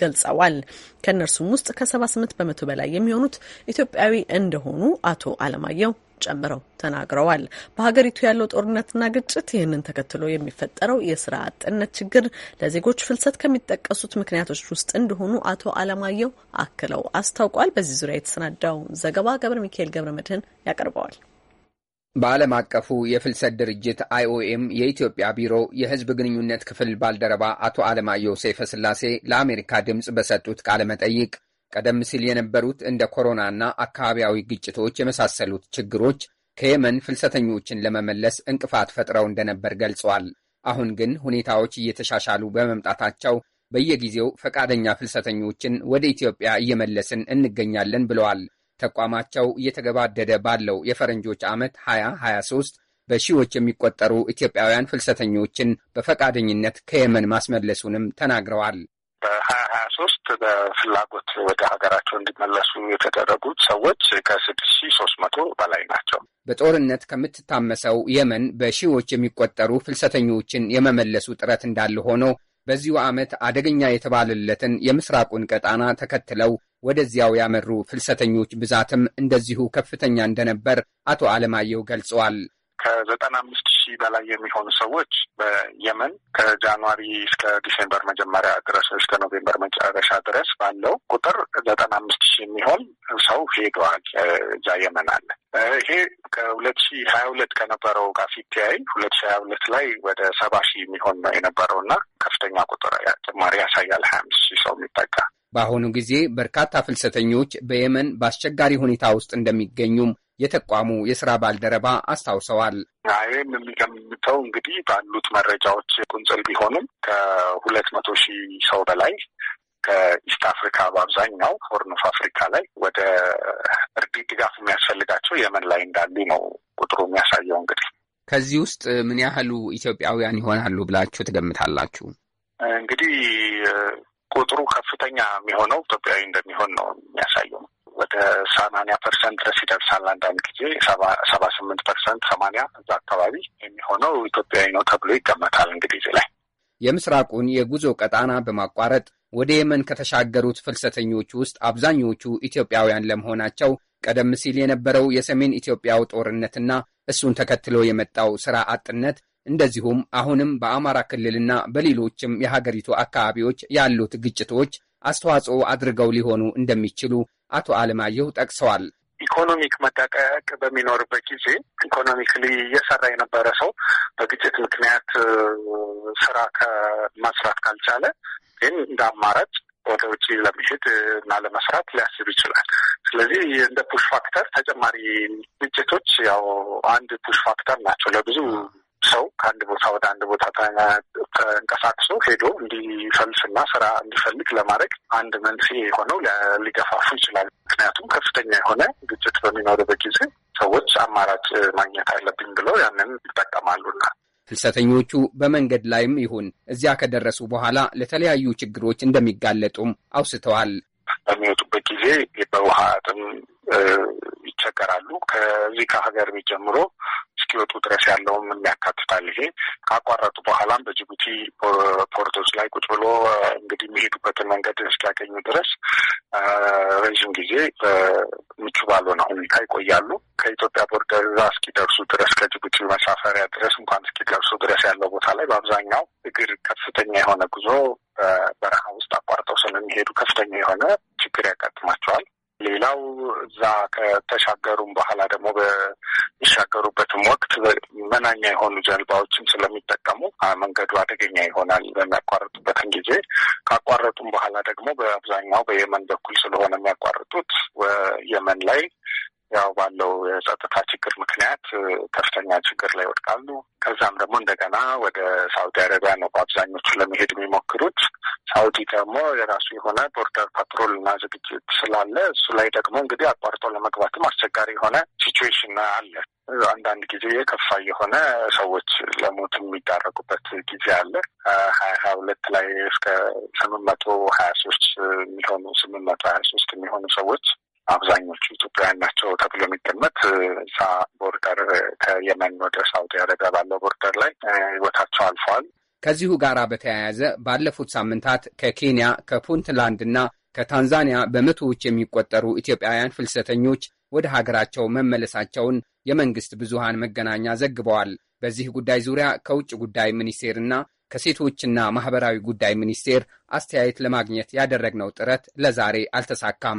ገልጸዋል። ከእነርሱም ውስጥ ከ78 በመቶ በላይ የሚሆኑት ኢትዮጵያዊ እንደሆኑ አቶ አለማየሁ ጨምረው ተናግረዋል። በሀገሪቱ ያለው ጦርነትና ግጭት፣ ይህንን ተከትሎ የሚፈጠረው የስራ አጥነት ችግር ለዜጎች ፍልሰት ከሚጠቀሱት ምክንያቶች ውስጥ እንደሆኑ አቶ አለማየሁ አክለው አስታውቋል። በዚህ ዙሪያ የተሰናዳው ዘገባ ገብረ ሚካኤል ገብረ መድህን ያቀርበዋል። በዓለም አቀፉ የፍልሰት ድርጅት አይኦኤም የኢትዮጵያ ቢሮ የሕዝብ ግንኙነት ክፍል ባልደረባ አቶ አለማየሁ ሰይፈ ስላሴ ለአሜሪካ ድምፅ በሰጡት ቃለ መጠይቅ ቀደም ሲል የነበሩት እንደ ኮሮናና አካባቢያዊ ግጭቶች የመሳሰሉት ችግሮች ከየመን ፍልሰተኞችን ለመመለስ እንቅፋት ፈጥረው እንደነበር ገልጸዋል። አሁን ግን ሁኔታዎች እየተሻሻሉ በመምጣታቸው በየጊዜው ፈቃደኛ ፍልሰተኞችን ወደ ኢትዮጵያ እየመለስን እንገኛለን ብለዋል። ተቋማቸው እየተገባደደ ባለው የፈረንጆች ዓመት 2023 በሺዎች የሚቆጠሩ ኢትዮጵያውያን ፍልሰተኞችን በፈቃደኝነት ከየመን ማስመለሱንም ተናግረዋል። በሀያ ሀያ ሶስት በፍላጎት ወደ ሀገራቸው እንዲመለሱ የተደረጉት ሰዎች ከስድስት ሺህ ሶስት መቶ በላይ ናቸው። በጦርነት ከምትታመሰው የመን በሺዎች የሚቆጠሩ ፍልሰተኞችን የመመለሱ ጥረት እንዳለ ሆኖ በዚሁ ዓመት አደገኛ የተባለለትን የምስራቁን ቀጣና ተከትለው ወደዚያው ያመሩ ፍልሰተኞች ብዛትም እንደዚሁ ከፍተኛ እንደነበር አቶ አለማየሁ ገልጸዋል። ከዘጠና አምስት ሺህ በላይ የሚሆኑ ሰዎች በየመን ከጃንዋሪ እስከ ዲሴምበር መጀመሪያ ድረስ እስከ ኖቬምበር መጨረሻ ድረስ ባለው ቁጥር ዘጠና አምስት ሺህ የሚሆን ሰው ሄደዋል። እዛ የመን አለ። ይሄ ከሁለት ሺ ሀያ ሁለት ከነበረው ጋር ሲተያይ ሁለት ሺ ሀያ ሁለት ላይ ወደ ሰባ ሺህ የሚሆን ነው የነበረው እና ከፍተኛ ቁጥር ጭማሪ ያሳያል። ሀያ አምስት ሺህ ሰው የሚጠጋ በአሁኑ ጊዜ በርካታ ፍልሰተኞች በየመን በአስቸጋሪ ሁኔታ ውስጥ እንደሚገኙም የተቋሙ የስራ ባልደረባ አስታውሰዋል። ይህም የሚገምተው እንግዲህ ባሉት መረጃዎች ቁንጽል ቢሆንም ከሁለት መቶ ሺህ ሰው በላይ ከኢስት አፍሪካ በአብዛኛው ሆርን ኦፍ አፍሪካ ላይ ወደ እርዳታ ድጋፍ የሚያስፈልጋቸው የመን ላይ እንዳሉ ነው ቁጥሩ የሚያሳየው። እንግዲህ ከዚህ ውስጥ ምን ያህሉ ኢትዮጵያውያን ይሆናሉ ብላችሁ ትገምታላችሁ? እንግዲህ ቁጥሩ ከፍተኛ የሚሆነው ኢትዮጵያዊ እንደሚሆን ነው የሚያሳየው። ወደ ሰማንያ ፐርሰንት ድረስ ይደርሳል። አንዳንድ ጊዜ ሰባ ስምንት ፐርሰንት ሰማንያ እዛ አካባቢ የሚሆነው ኢትዮጵያዊ ነው ተብሎ ይገመታል። እንግዲህ እዚህ ላይ የምስራቁን የጉዞ ቀጣና በማቋረጥ ወደ የመን ከተሻገሩት ፍልሰተኞች ውስጥ አብዛኞቹ ኢትዮጵያውያን ለመሆናቸው ቀደም ሲል የነበረው የሰሜን ኢትዮጵያው ጦርነትና እሱን ተከትሎ የመጣው ሥራ አጥነት እንደዚሁም አሁንም በአማራ ክልልና በሌሎችም የሀገሪቱ አካባቢዎች ያሉት ግጭቶች አስተዋጽኦ አድርገው ሊሆኑ እንደሚችሉ አቶ አለማየሁ ጠቅሰዋል። ኢኮኖሚክ መጠቀቅ በሚኖርበት ጊዜ ኢኮኖሚክሊ እየሰራ የነበረ ሰው በግጭት ምክንያት ስራ ከመስራት ካልቻለ ግን እንደ አማራጭ ወደ ውጭ ለመሄድ እና ለመስራት ሊያስብ ይችላል። ስለዚህ እንደ ፑሽ ፋክተር ተጨማሪ ግጭቶች ያው አንድ ፑሽ ፋክተር ናቸው ለብዙ ሰው ከአንድ ቦታ ወደ አንድ ቦታ ተንቀሳቅሶ ሄዶ እንዲፈልስና ስራ እንዲፈልግ ለማድረግ አንድ መንስኤ የሆነው ሊገፋፉ ይችላል። ምክንያቱም ከፍተኛ የሆነ ግጭት በሚኖርበት ጊዜ ሰዎች አማራጭ ማግኘት አለብኝ ብለው ያንን ይጠቀማሉና ፍልሰተኞቹ በመንገድ ላይም ይሁን እዚያ ከደረሱ በኋላ ለተለያዩ ችግሮች እንደሚጋለጡም አውስተዋል። በሚወጡበት ጊዜ በውሃ ጥም ይቸገራሉ። ከዚህ ከሀገር ቤት ጀምሮ እስኪወጡ ድረስ ያለውም የሚያካትታል። ይሄ ካቋረጡ በኋላም በጅቡቲ ፖርቶች ላይ ቁጭ ብሎ እንግዲህ የሚሄዱበትን መንገድ እስኪያገኙ ድረስ ረዥም ጊዜ ምቹ ባልሆነ ሁኔታ ይቆያሉ። ከኢትዮጵያ ቦርደር እዛ እስኪደርሱ ድረስ ከጅቡቲ መሳፈሪያ ድረስ እንኳን እስኪደርሱ ድረስ ያለው ቦታ ላይ በአብዛኛው እግር ከፍተኛ የሆነ ጉዞ በረሃ ውስጥ አቋርጠው ስለሚሄዱ ከፍተኛ የሆነ ችግር ያጋጥማቸዋል። ሌላው እዛ ከተሻገሩም በኋላ ደግሞ በሚሻገሩበትም ወቅት መናኛ የሆኑ ጀልባዎችም ስለሚጠቀሙ መንገዱ አደገኛ ይሆናል በሚያቋርጡበትም ጊዜ። ካቋረጡም በኋላ ደግሞ በአብዛኛው በየመን በኩል ስለሆነ የሚያቋርጡት የመን ላይ ያው ባለው የጸጥታ ችግር ምክንያት ከፍተኛ ችግር ላይ ይወድቃሉ። ከዛም ደግሞ እንደገና ወደ ሳውዲ አረቢያ ነው በአብዛኞቹ ለመሄድ የሚሞክሩት። ሳውዲ ደግሞ የራሱ የሆነ ቦርደር ፓትሮል እና ዝግጅት ስላለ እሱ ላይ ደግሞ እንግዲህ አቋርጦ ለመግባትም አስቸጋሪ የሆነ ሲትዌሽን አለ። አንዳንድ ጊዜ የከፋ የሆነ ሰዎች ለሞት የሚዳረጉበት ጊዜ አለ። ሀያ ሀያ ሁለት ላይ እስከ ስምንት መቶ ሀያ ሶስት የሚሆኑ ስምንት መቶ ሀያ ሶስት የሚሆኑ ሰዎች አብዛኞቹ ኢትዮጵያውያን ናቸው ተብሎ የሚገመት እዛ ቦርደር ከየመን ወደ ሳውዲ አረቢያ ባለው ቦርደር ላይ ህይወታቸው አልፈዋል። ከዚሁ ጋር በተያያዘ ባለፉት ሳምንታት ከኬንያ ከፑንትላንድ እና ከታንዛኒያ በመቶዎች የሚቆጠሩ ኢትዮጵያውያን ፍልሰተኞች ወደ ሀገራቸው መመለሳቸውን የመንግስት ብዙሃን መገናኛ ዘግበዋል። በዚህ ጉዳይ ዙሪያ ከውጭ ጉዳይ ሚኒስቴርና ከሴቶችና ማህበራዊ ጉዳይ ሚኒስቴር አስተያየት ለማግኘት ያደረግነው ጥረት ለዛሬ አልተሳካም።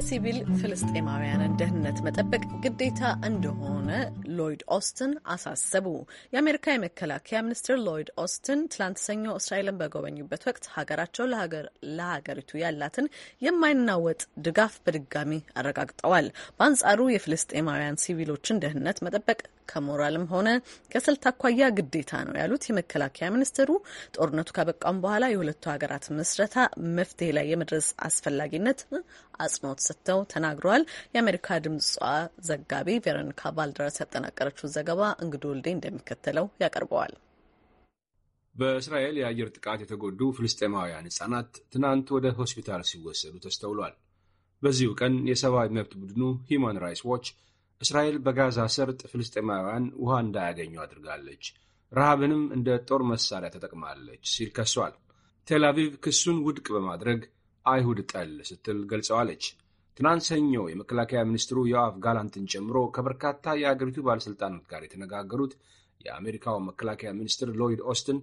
የሲቪል ፍልስጤማውያንን ደህንነት መጠበቅ ግዴታ እንደሆነ ሎይድ ኦስትን አሳሰቡ። የአሜሪካ የመከላከያ ሚኒስትር ሎይድ ኦስትን ትላንት ሰኞ እስራኤልን በጎበኙበት ወቅት ሀገራቸው ለሀገሪቱ ያላትን የማይናወጥ ድጋፍ በድጋሚ አረጋግጠዋል። በአንጻሩ የፍልስጤማውያን ሲቪሎችን ደህንነት መጠበቅ ከሞራልም ሆነ ከስልት አኳያ ግዴታ ነው ያሉት የመከላከያ ሚኒስትሩ ጦርነቱ ካበቃም በኋላ የሁለቱ ሀገራት ምስረታ መፍትሄ ላይ የመድረስ አስፈላጊነት አጽንኦት ሰጥተው ተናግረዋል። የአሜሪካ ድምጿ ዘጋቢ ቬሮኒካ ባልደራስ ያጠናቀረችው ዘገባ እንግዶ ወልዴ እንደሚከተለው ያቀርበዋል። በእስራኤል የአየር ጥቃት የተጎዱ ፍልስጤማውያን ህጻናት ትናንት ወደ ሆስፒታል ሲወሰዱ ተስተውሏል። በዚሁ ቀን የሰብአዊ መብት ቡድኑ ሂማን ራይትስ ዋች እስራኤል በጋዛ ሰርጥ ፍልስጤማውያን ውሃ እንዳያገኙ አድርጋለች፣ ረሃብንም እንደ ጦር መሳሪያ ተጠቅማለች ሲል ከሷል። ቴል አቪቭ ክሱን ውድቅ በማድረግ አይሁድ ጠል ስትል ገልጸዋለች። ትናንት ሰኞ የመከላከያ ሚኒስትሩ ዮአፍ ጋላንትን ጨምሮ ከበርካታ የአገሪቱ ባለሥልጣናት ጋር የተነጋገሩት የአሜሪካው መከላከያ ሚኒስትር ሎይድ ኦስትን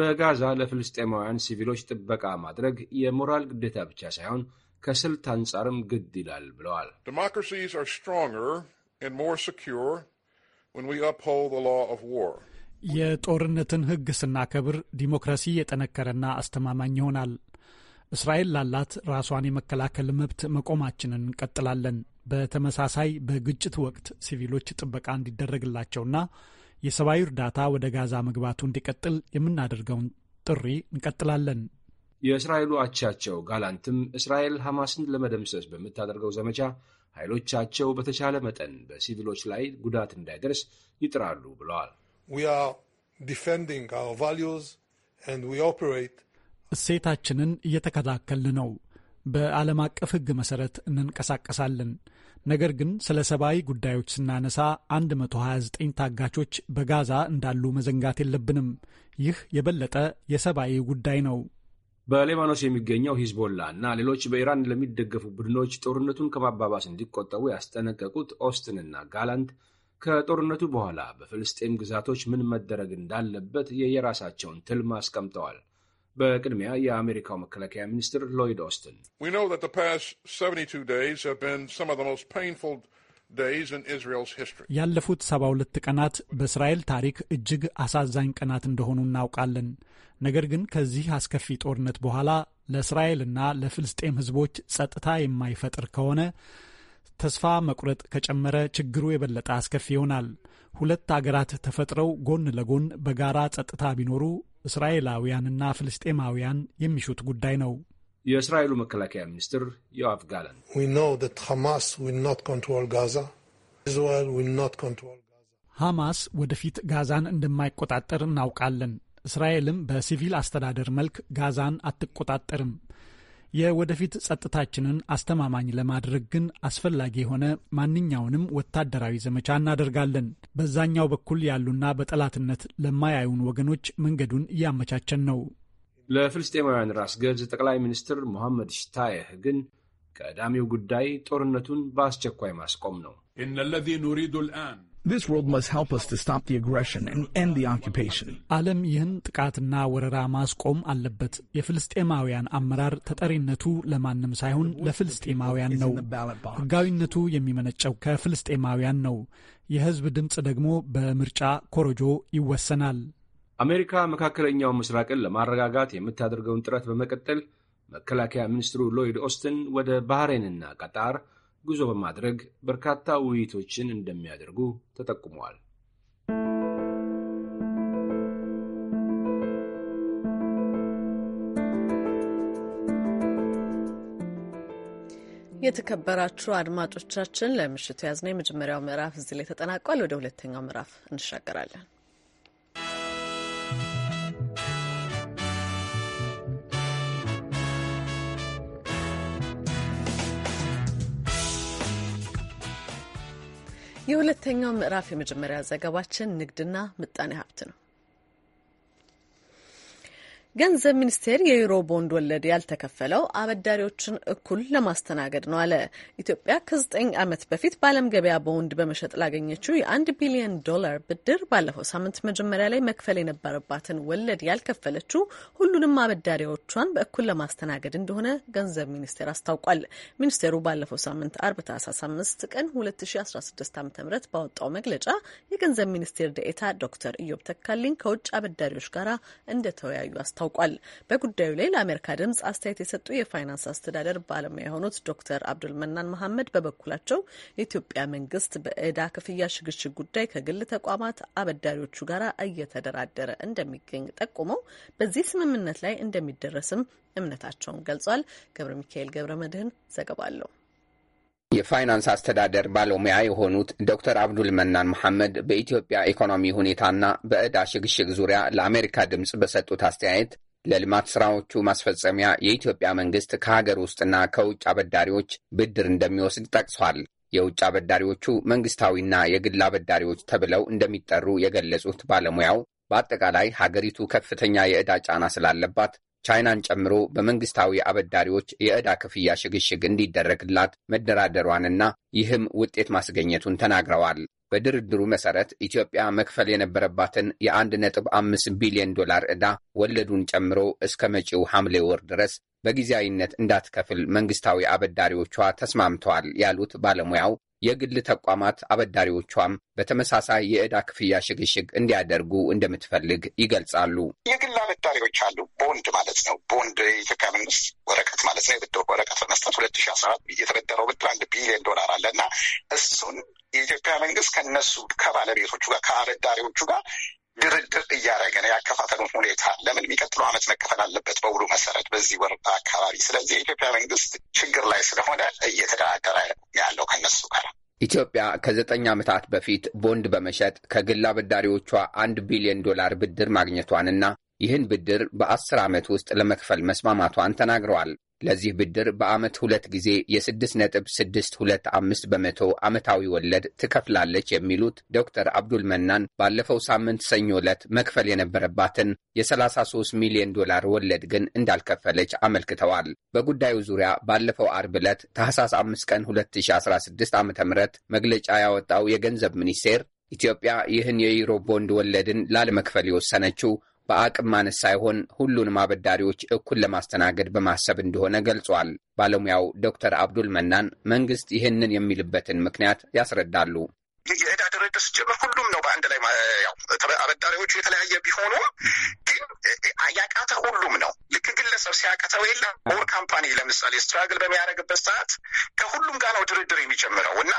በጋዛ ለፍልስጤማውያን ሲቪሎች ጥበቃ ማድረግ የሞራል ግዴታ ብቻ ሳይሆን ከስልት አንጻርም ግድ ይላል ብለዋል። ዲሞክራሲስ አር ስትሮንገር and more secure when we uphold the law of war. የጦርነትን ሕግ ስናከብር ዲሞክራሲ የጠነከረና አስተማማኝ ይሆናል። እስራኤል ላላት ራሷን የመከላከል መብት መቆማችንን እንቀጥላለን። በተመሳሳይ በግጭት ወቅት ሲቪሎች ጥበቃ እንዲደረግላቸውና የሰብአዊ እርዳታ ወደ ጋዛ መግባቱ እንዲቀጥል የምናደርገውን ጥሪ እንቀጥላለን። የእስራኤሉ አቻቸው ጋላንትም እስራኤል ሐማስን ለመደምሰስ በምታደርገው ዘመቻ ኃይሎቻቸው በተቻለ መጠን በሲቪሎች ላይ ጉዳት እንዳይደርስ ይጥራሉ ብለዋል። እሴታችንን እየተከላከልን ነው። በዓለም አቀፍ ሕግ መሠረት እንንቀሳቀሳለን። ነገር ግን ስለ ሰብአዊ ጉዳዮች ስናነሳ 129 ታጋቾች በጋዛ እንዳሉ መዘንጋት የለብንም። ይህ የበለጠ የሰብአዊ ጉዳይ ነው። በሌባኖስ የሚገኘው ሂዝቦላ እና ሌሎች በኢራን ለሚደገፉ ቡድኖች ጦርነቱን ከማባባስ እንዲቆጠቡ ያስጠነቀቁት ኦስትን እና ጋላንት ከጦርነቱ በኋላ በፍልስጤም ግዛቶች ምን መደረግ እንዳለበት የየራሳቸውን ትልም አስቀምጠዋል። በቅድሚያ የአሜሪካው መከላከያ ሚኒስትር ሎይድ ኦስትን ያለፉት ሰባ ሁለት ቀናት በእስራኤል ታሪክ እጅግ አሳዛኝ ቀናት እንደሆኑ እናውቃለን። ነገር ግን ከዚህ አስከፊ ጦርነት በኋላ ለእስራኤልና ለፍልስጤም ሕዝቦች ጸጥታ የማይፈጥር ከሆነ ተስፋ መቁረጥ ከጨመረ ችግሩ የበለጠ አስከፊ ይሆናል። ሁለት አገራት ተፈጥረው ጎን ለጎን በጋራ ጸጥታ ቢኖሩ እስራኤላውያንና ፍልስጤማውያን የሚሹት ጉዳይ ነው። የእስራኤሉ መከላከያ ሚኒስትር ዮአፍ ጋላንት ሐማስ ወደፊት ጋዛን እንደማይቆጣጠር እናውቃለን። እስራኤልም በሲቪል አስተዳደር መልክ ጋዛን አትቆጣጠርም። የወደፊት ጸጥታችንን አስተማማኝ ለማድረግ ግን አስፈላጊ የሆነ ማንኛውንም ወታደራዊ ዘመቻ እናደርጋለን። በዛኛው በኩል ያሉና በጠላትነት ለማያዩን ወገኖች መንገዱን እያመቻቸን ነው። ለፍልስጤማውያን ራስ ገዝ ጠቅላይ ሚኒስትር ሞሐመድ ሽታየህ ግን ቀዳሚው ጉዳይ ጦርነቱን በአስቸኳይ ማስቆም ነው። ዓለም ይህን ጥቃትና ወረራ ማስቆም አለበት። የፍልስጤማውያን አመራር ተጠሪነቱ ለማንም ሳይሆን ለፍልስጤማውያን ነው። ሕጋዊነቱ የሚመነጨው ከፍልስጤማውያን ነው። የህዝብ ድምፅ ደግሞ በምርጫ ኮረጆ ይወሰናል። አሜሪካ መካከለኛው ምስራቅን ለማረጋጋት የምታደርገውን ጥረት በመቀጠል መከላከያ ሚኒስትሩ ሎይድ ኦስትን ወደ ባህሬንና ቀጣር ጉዞ በማድረግ በርካታ ውይይቶችን እንደሚያደርጉ ተጠቁመዋል። የተከበራችሁ አድማጮቻችን ለምሽቱ ያዝነው የመጀመሪያው ምዕራፍ እዚህ ላይ ተጠናቋል። ወደ ሁለተኛው ምዕራፍ እንሻገራለን። የሁለተኛው ምዕራፍ የመጀመሪያ ዘገባችን ንግድና ምጣኔ ሀብት ነው። ገንዘብ ሚኒስቴር የዩሮ ቦንድ ወለድ ያልተከፈለው አበዳሪዎችን እኩል ለማስተናገድ ነው አለ። ኢትዮጵያ ከዘጠኝ ዓመት በፊት በዓለም ገበያ በወንድ በመሸጥ ላገኘችው የአንድ ቢሊዮን ዶላር ብድር ባለፈው ሳምንት መጀመሪያ ላይ መክፈል የነበረባትን ወለድ ያልከፈለችው ሁሉንም አበዳሪዎቿን በእኩል ለማስተናገድ እንደሆነ ገንዘብ ሚኒስቴር አስታውቋል። ሚኒስቴሩ ባለፈው ሳምንት አርብ ታህሳስ አምስት ቀን 2016 ዓ ም ባወጣው መግለጫ የገንዘብ ሚኒስቴር ደኤታ ዶክተር ኢዮብ ተካልኝ ከውጭ አበዳሪዎች ጋር እንደተወያዩ አስታውቋል። አስታውቋል። በጉዳዩ ላይ ለአሜሪካ ድምጽ አስተያየት የሰጡ የፋይናንስ አስተዳደር ባለሙያ የሆኑት ዶክተር አብዱል መናን መሐመድ በበኩላቸው የኢትዮጵያ መንግስት በእዳ ክፍያ ሽግሽግ ጉዳይ ከግል ተቋማት አበዳሪዎቹ ጋር እየተደራደረ እንደሚገኝ ጠቁመው በዚህ ስምምነት ላይ እንደሚደረስም እምነታቸውን ገልጿል። ገብረ ሚካኤል ገብረ መድህን ዘገባ አለው። የፋይናንስ አስተዳደር ባለሙያ የሆኑት ዶክተር አብዱል መናን መሐመድ በኢትዮጵያ ኢኮኖሚ ሁኔታና በዕዳ ሽግሽግ ዙሪያ ለአሜሪካ ድምፅ በሰጡት አስተያየት ለልማት ስራዎቹ ማስፈጸሚያ የኢትዮጵያ መንግስት ከሀገር ውስጥና ከውጭ አበዳሪዎች ብድር እንደሚወስድ ጠቅሷል። የውጭ አበዳሪዎቹ መንግስታዊና የግል አበዳሪዎች ተብለው እንደሚጠሩ የገለጹት ባለሙያው በአጠቃላይ ሀገሪቱ ከፍተኛ የዕዳ ጫና ስላለባት ቻይናን ጨምሮ በመንግስታዊ አበዳሪዎች የዕዳ ክፍያ ሽግሽግ እንዲደረግላት መደራደሯንና ይህም ውጤት ማስገኘቱን ተናግረዋል። በድርድሩ መሰረት ኢትዮጵያ መክፈል የነበረባትን የ1.5 ቢሊዮን ዶላር ዕዳ ወለዱን ጨምሮ እስከ መጪው ሐምሌ ወር ድረስ በጊዜያዊነት እንዳትከፍል መንግስታዊ አበዳሪዎቿ ተስማምተዋል ያሉት ባለሙያው የግል ተቋማት አበዳሪዎቿም በተመሳሳይ የዕዳ ክፍያ ሽግሽግ እንዲያደርጉ እንደምትፈልግ ይገልጻሉ። የግል አበዳሪዎች አሉ። ቦንድ ማለት ነው። ቦንድ የኢትዮጵያ መንግስት ወረቀት ማለት ነው። የብድር ወረቀት በመስጠት ሁለት ሺ አስራ አራት የተበደረው ብድር አንድ ቢሊዮን ዶላር አለ እና እሱን የኢትዮጵያ መንግስት ከነሱ ከባለቤቶቹ ጋር ከአበዳሪዎቹ ጋር ድርድር እያደረገ ነው ያከፋፈሉን ሁኔታ ለምን የሚቀጥለው ዓመት መከፈል አለበት በውሉ መሰረት በዚህ ወር አካባቢ። ስለዚህ የኢትዮጵያ መንግስት ችግር ላይ ስለሆነ እየተደራደረ ያለው ከነሱ ጋር። ኢትዮጵያ ከዘጠኝ ዓመታት በፊት ቦንድ በመሸጥ ከግል አበዳሪዎቿ አንድ ቢሊዮን ዶላር ብድር ማግኘቷንና ይህን ብድር በአስር ዓመት ውስጥ ለመክፈል መስማማቷን ተናግረዋል። ለዚህ ብድር በዓመት ሁለት ጊዜ የ6.625 በመቶ ዓመታዊ ወለድ ትከፍላለች የሚሉት ዶክተር አብዱል መናን ባለፈው ሳምንት ሰኞ ዕለት መክፈል የነበረባትን የ33 ሚሊዮን ዶላር ወለድ ግን እንዳልከፈለች አመልክተዋል። በጉዳዩ ዙሪያ ባለፈው አርብ ዕለት ታህሳስ 5 ቀን 2016 ዓ ም መግለጫ ያወጣው የገንዘብ ሚኒስቴር ኢትዮጵያ ይህን የዩሮ ቦንድ ወለድን ላለመክፈል የወሰነችው በአቅም ማነስ ሳይሆን ሁሉንም አበዳሪዎች እኩል ለማስተናገድ በማሰብ እንደሆነ ገልጿል። ባለሙያው ዶክተር አብዱል መናን መንግስት ይህንን የሚልበትን ምክንያት ያስረዳሉ። የእዳ ድርድር ጭምር ሁሉም ነው በአንድ ላይ ያው አበዳሪዎቹ የተለያየ ቢሆኑም ግን ያቃተ ሁሉም ነው። ልክ ግለሰብ ሲያቀተው የለም ኦር ካምፓኒ ለምሳሌ ስትራግል በሚያደርግበት ሰዓት ከሁሉም ጋር ነው ድርድር የሚጀምረው እና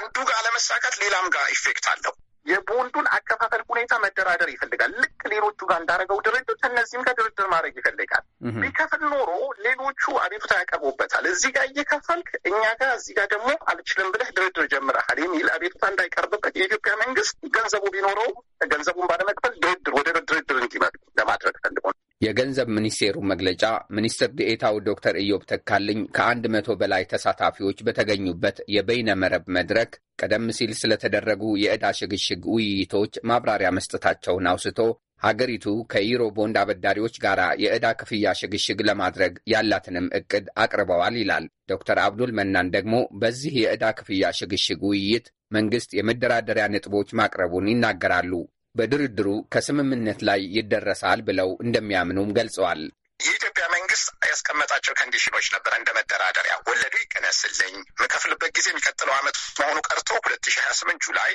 አንዱ ጋር ለመሳካት ሌላም ጋር ኢፌክት አለው የቦንዱን አከፋፈል ሁኔታ መደራደር ይፈልጋል። ልክ ሌሎቹ ጋር እንዳደረገው ድርድር ከነዚህም ጋር ድርድር ማድረግ ይፈልጋል። ቢከፍል ኖሮ ሌሎቹ አቤቱታ ያቀርቡበታል። እዚህ ጋር እየከፈልክ እኛ ጋር እዚህ ጋር ደግሞ አልችልም ብለህ ድርድር ጀምረሃል የሚል አቤቱታ እንዳይቀርብበት የኢትዮጵያ መንግስት ገንዘቡ ቢኖረው ገንዘቡን ባለመክፈል ድርድር ወደ ድርድር እንዲመጡ ለማድረግ ፈልጎ የገንዘብ ሚኒስቴሩ መግለጫ ሚኒስትር ድኤታው ዶክተር ኢዮብ ተካልኝ ከአንድ መቶ በላይ ተሳታፊዎች በተገኙበት የበይነ መረብ መድረክ ቀደም ሲል ስለተደረጉ የዕዳ ሽግሽግ ውይይቶች ማብራሪያ መስጠታቸውን አውስቶ ሀገሪቱ ከዩሮ ቦንድ አበዳሪዎች ጋር የዕዳ ክፍያ ሽግሽግ ለማድረግ ያላትንም እቅድ አቅርበዋል ይላል። ዶክተር አብዱል መናን ደግሞ በዚህ የዕዳ ክፍያ ሽግሽግ ውይይት መንግስት የመደራደሪያ ነጥቦች ማቅረቡን ይናገራሉ። በድርድሩ ከስምምነት ላይ ይደረሳል ብለው እንደሚያምኑም ገልጸዋል። የኢትዮጵያ መንግስት ያስቀመጣቸው ከንዲሽኖች ነበረ እንደ መደራደሪያ ወለዱ ይቀነስልኝ፣ የምከፍልበት ጊዜ የሚቀጥለው አመት መሆኑ ቀርቶ ሁለት ሺ ሀያ ስምንት ጁላይ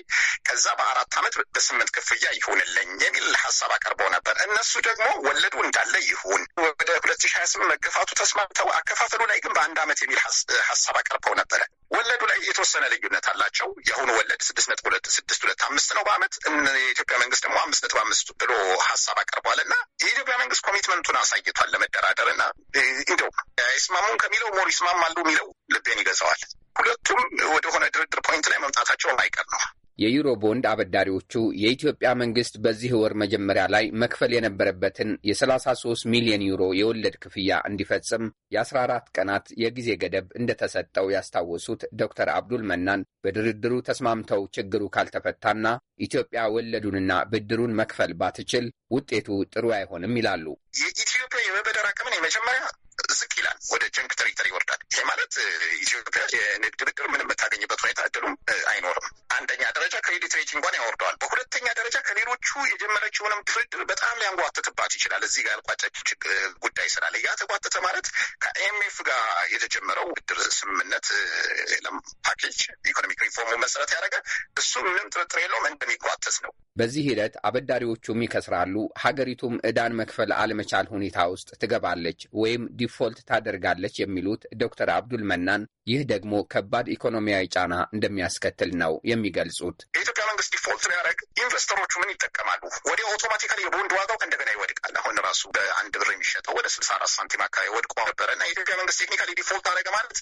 ከዛ በአራት አመት በስምንት ክፍያ ይሁንልኝ የሚል ሀሳብ አቅርበው ነበር። እነሱ ደግሞ ወለዱ እንዳለ ይሁን ወደ ሁለት ሺ ሀያ ስምንት መገፋቱ ተስማምተው አከፋፈሉ ላይ ግን በአንድ አመት የሚል ሀሳብ አቅርበው ነበረ። ወለዱ ላይ የተወሰነ ልዩነት አላቸው። የአሁኑ ወለድ ስድስት ነጥብ ሁለት ስድስት ሁለት አምስት ነው በአመት የኢትዮጵያ መንግስት ደግሞ አምስት ነጥብ አምስት ብሎ ሀሳብ አቅርቧል እና የኢትዮጵያ መንግስት ኮሚትመንቱን አሳይቷል ለመደራደር እና እንደው አይስማሙም ከሚለው ሞር ይስማማሉ የሚለው ልቤን ይገዛዋል። ሁለቱም ወደሆነ ድርድር ፖይንት ላይ መምጣታቸው አይቀር ነው። የዩሮ ቦንድ አበዳሪዎቹ የኢትዮጵያ መንግስት በዚህ ወር መጀመሪያ ላይ መክፈል የነበረበትን የ33 ሚሊዮን ዩሮ የወለድ ክፍያ እንዲፈጽም የ14 ቀናት የጊዜ ገደብ እንደተሰጠው ያስታወሱት ዶክተር አብዱል መናን በድርድሩ ተስማምተው ችግሩ ካልተፈታና ኢትዮጵያ ወለዱንና ብድሩን መክፈል ባትችል ውጤቱ ጥሩ አይሆንም ይላሉ። የኢትዮጵያ የመበደር አቅምን የመጀመሪያ ዝቅ ይላል፣ ወደ ጀንክ ተሪተሪ ይወርዳል። ይሄ ማለት ኢትዮጵያ የንግድ ብድር ምንም የምታገኝበት ሁኔታ እድሉም አይኖርም። አንደኛ ደረጃ ክሬዲት ሬቲንጓን ያወርደዋል። በሁለተኛ ደረጃ ከሌሎቹ የጀመረችውንም ድርድር በጣም ሊያንጓትትባት ይችላል። እዚህ ጋር ያልቋጨች ጉዳይ ስላለ ያ ተጓተተ ማለት ከአይኤምኤፍ ጋር የተጀመረው ብድር ስምምነት ፓኬጅ ኢኮኖሚክ ሪፎርሙ መሰረት ያደረገ እሱ ምንም ጥርጥር የለውም እንደሚጓተት ነው። በዚህ ሂደት አበዳሪዎቹም ይከስራሉ፣ ሀገሪቱም እዳን መክፈል አለመቻል ሁኔታ ውስጥ ትገባለች ወይም ዲፎ ፎልት ታደርጋለች የሚሉት ዶክተር አብዱል መናን ይህ ደግሞ ከባድ ኢኮኖሚያዊ ጫና እንደሚያስከትል ነው የሚገልጹት። የኢትዮጵያ መንግስት ዲፎልት ሊያደርግ ኢንቨስተሮቹ ምን ይጠቀማሉ? ወደ አውቶማቲካሊ የቦንድ ዋጋው ከእንደገና ይወድቃል። አሁን ራሱ በአንድ ብር የሚሸጠው ወደ ስልሳ አራት ሳንቲም አካባቢ ወድቆ ነበረ እና የኢትዮጵያ መንግስት ቴክኒካሊ ዲፎልት አደረገ ማለት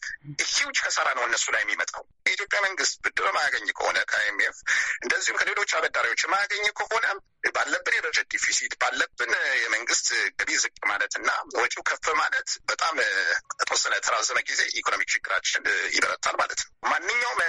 ሂውጅ ከሰራ ነው እነሱ ላይ የሚመጣው። የኢትዮጵያ መንግስት ብድር ማያገኝ ከሆነ ከአይኤምኤፍ እንደዚሁም ከሌሎች አበዳሪዎች ማያገኝ ከሆነ ባለብን የበጀት ዲፊሲት ባለብን የመንግስት ገቢ ዝቅ ማለት እና ወጪው ከፍ ማለት በጣም ተወሰነ ተራዘመ ጊዜ ኢኮኖሚክ ችግራችን ይበረታል ማለት ነው። ማንኛውም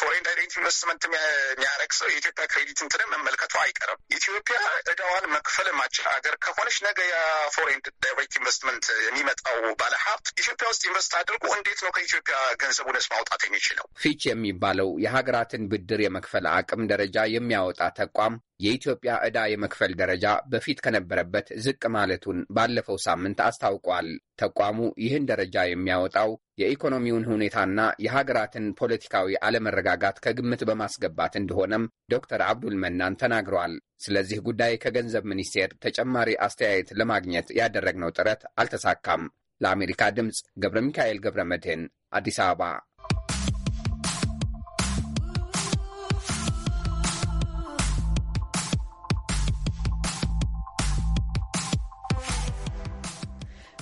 ፎሬን ዳይሬክት ኢንቨስትመንት የሚያደረግ ሰው የኢትዮጵያ ክሬዲት እንትንም መመልከቱ አይቀርም። ኢትዮጵያ እዳዋን መክፈል ማችል ሀገር ከሆነች ነገ የፎሬን ዳይሬክት ኢንቨስትመንት የሚመጣው ባለሀብት ኢትዮጵያ ውስጥ ኢንቨስት አድርጎ እንዴት ነው ከኢትዮጵያ ገንዘቡን ማውጣት የሚችለው? ፊች የሚባለው የሀገራትን ብድር የመክፈል አቅም ደረጃ የሚያወጣ ተቋም የኢትዮጵያ ዕዳ የመክፈል ደረጃ በፊት ከነበረበት ዝቅ ማለቱን ባለፈው ሳምንት አስታውቋል። ተቋሙ ይህን ደረጃ የሚያወጣው የኢኮኖሚውን ሁኔታና የሀገራትን ፖለቲካዊ አለመረጋጋት ከግምት በማስገባት እንደሆነም ዶክተር አብዱል መናን ተናግረዋል። ስለዚህ ጉዳይ ከገንዘብ ሚኒስቴር ተጨማሪ አስተያየት ለማግኘት ያደረግነው ጥረት አልተሳካም። ለአሜሪካ ድምፅ ገብረ ሚካኤል ገብረ መድህን አዲስ አበባ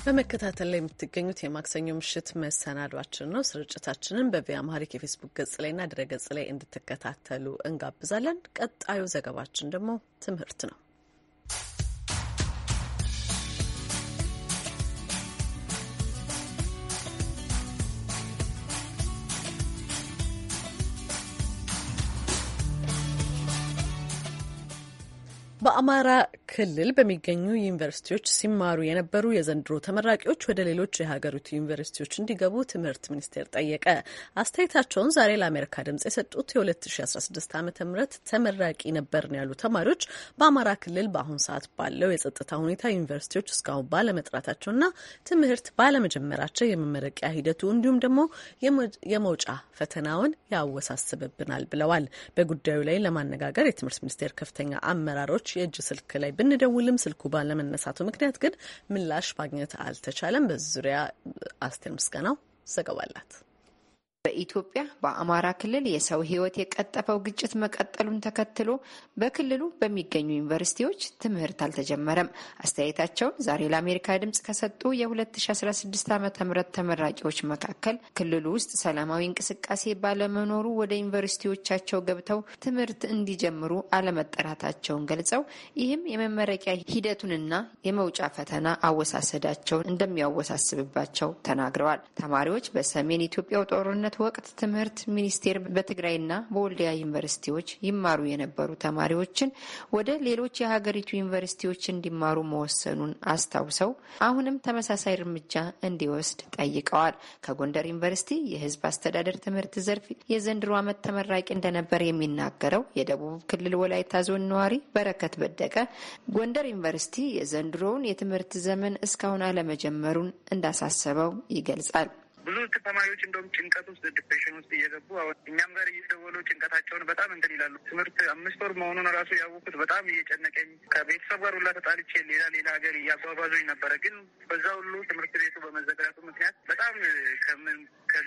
በመከታተል ላይ የምትገኙት የማክሰኞ ምሽት መሰናዷችን ነው። ስርጭታችንን በቪያ ማሪክ የፌስቡክ ገጽ ላይና ድረ ገጽ ላይ እንድትከታተሉ እንጋብዛለን። ቀጣዩ ዘገባችን ደግሞ ትምህርት ነው። በአማራ ክልል በሚገኙ ዩኒቨርሲቲዎች ሲማሩ የነበሩ የዘንድሮ ተመራቂዎች ወደ ሌሎች የሀገሪቱ ዩኒቨርሲቲዎች እንዲገቡ ትምህርት ሚኒስቴር ጠየቀ። አስተያየታቸውን ዛሬ ለአሜሪካ ድምጽ የሰጡት የ2016 ዓ ም ተመራቂ ነበርን ያሉ ተማሪዎች በአማራ ክልል በአሁኑ ሰዓት ባለው የጸጥታ ሁኔታ ዩኒቨርሲቲዎች እስካሁን ባለመጥራታቸውና ትምህርት ባለመጀመራቸው የመመረቂያ ሂደቱ እንዲሁም ደግሞ የመውጫ ፈተናውን ያወሳስብብናል ብለዋል። በጉዳዩ ላይ ለማነጋገር የትምህርት ሚኒስቴር ከፍተኛ አመራሮች የእጅ ስልክ ላይ ብንደውልም ስልኩ ባለመነሳቱ ምክንያት ግን ምላሽ ማግኘት አልተቻለም። በዚህ ዙሪያ አስቴር ምስጋናው ዘገባላት። በኢትዮጵያ በአማራ ክልል የሰው ሕይወት የቀጠፈው ግጭት መቀጠሉን ተከትሎ በክልሉ በሚገኙ ዩኒቨርሲቲዎች ትምህርት አልተጀመረም። አስተያየታቸውን ዛሬ ለአሜሪካ ድምጽ ከሰጡ የ2016 ዓ ም ተመራቂዎች መካከል ክልሉ ውስጥ ሰላማዊ እንቅስቃሴ ባለመኖሩ ወደ ዩኒቨርሲቲዎቻቸው ገብተው ትምህርት እንዲጀምሩ አለመጠራታቸውን ገልጸው ይህም የመመረቂያ ሂደቱንና የመውጫ ፈተና አወሳሰዳቸውን እንደሚያወሳስብባቸው ተናግረዋል። ተማሪዎች በሰሜን ኢትዮጵያው ጦርነት ወቅት ትምህርት ሚኒስቴር በትግራይና በወልዲያ ዩኒቨርሲቲዎች ይማሩ የነበሩ ተማሪዎችን ወደ ሌሎች የሀገሪቱ ዩኒቨርሲቲዎች እንዲማሩ መወሰኑን አስታውሰው አሁንም ተመሳሳይ እርምጃ እንዲወስድ ጠይቀዋል። ከጎንደር ዩኒቨርሲቲ የህዝብ አስተዳደር ትምህርት ዘርፍ የዘንድሮ ዓመት ተመራቂ እንደነበር የሚናገረው የደቡብ ክልል ወላይታ ዞን ነዋሪ በረከት በደቀ ጎንደር ዩኒቨርሲቲ የዘንድሮውን የትምህርት ዘመን እስካሁን አለመጀመሩን እንዳሳሰበው ይገልጻል። ብዙ ተማሪዎች እንደውም ጭንቀት ውስጥ ዲፕሬሽን ውስጥ እየገቡ አሁን እኛም ጋር እየደወሉ ጭንቀታቸውን በጣም እንትን ይላሉ። ትምህርት አምስት ወር መሆኑን ራሱ ያወኩት በጣም እየጨነቀኝ ከቤተሰብ ጋር ሁላ ተጣልቼ ሌላ ሌላ ሀገር እያጓጓዙኝ ነበረ። ግን በዛ ሁሉ ትምህርት ቤቱ በመዘጋቱ ምክንያት በጣም ከምን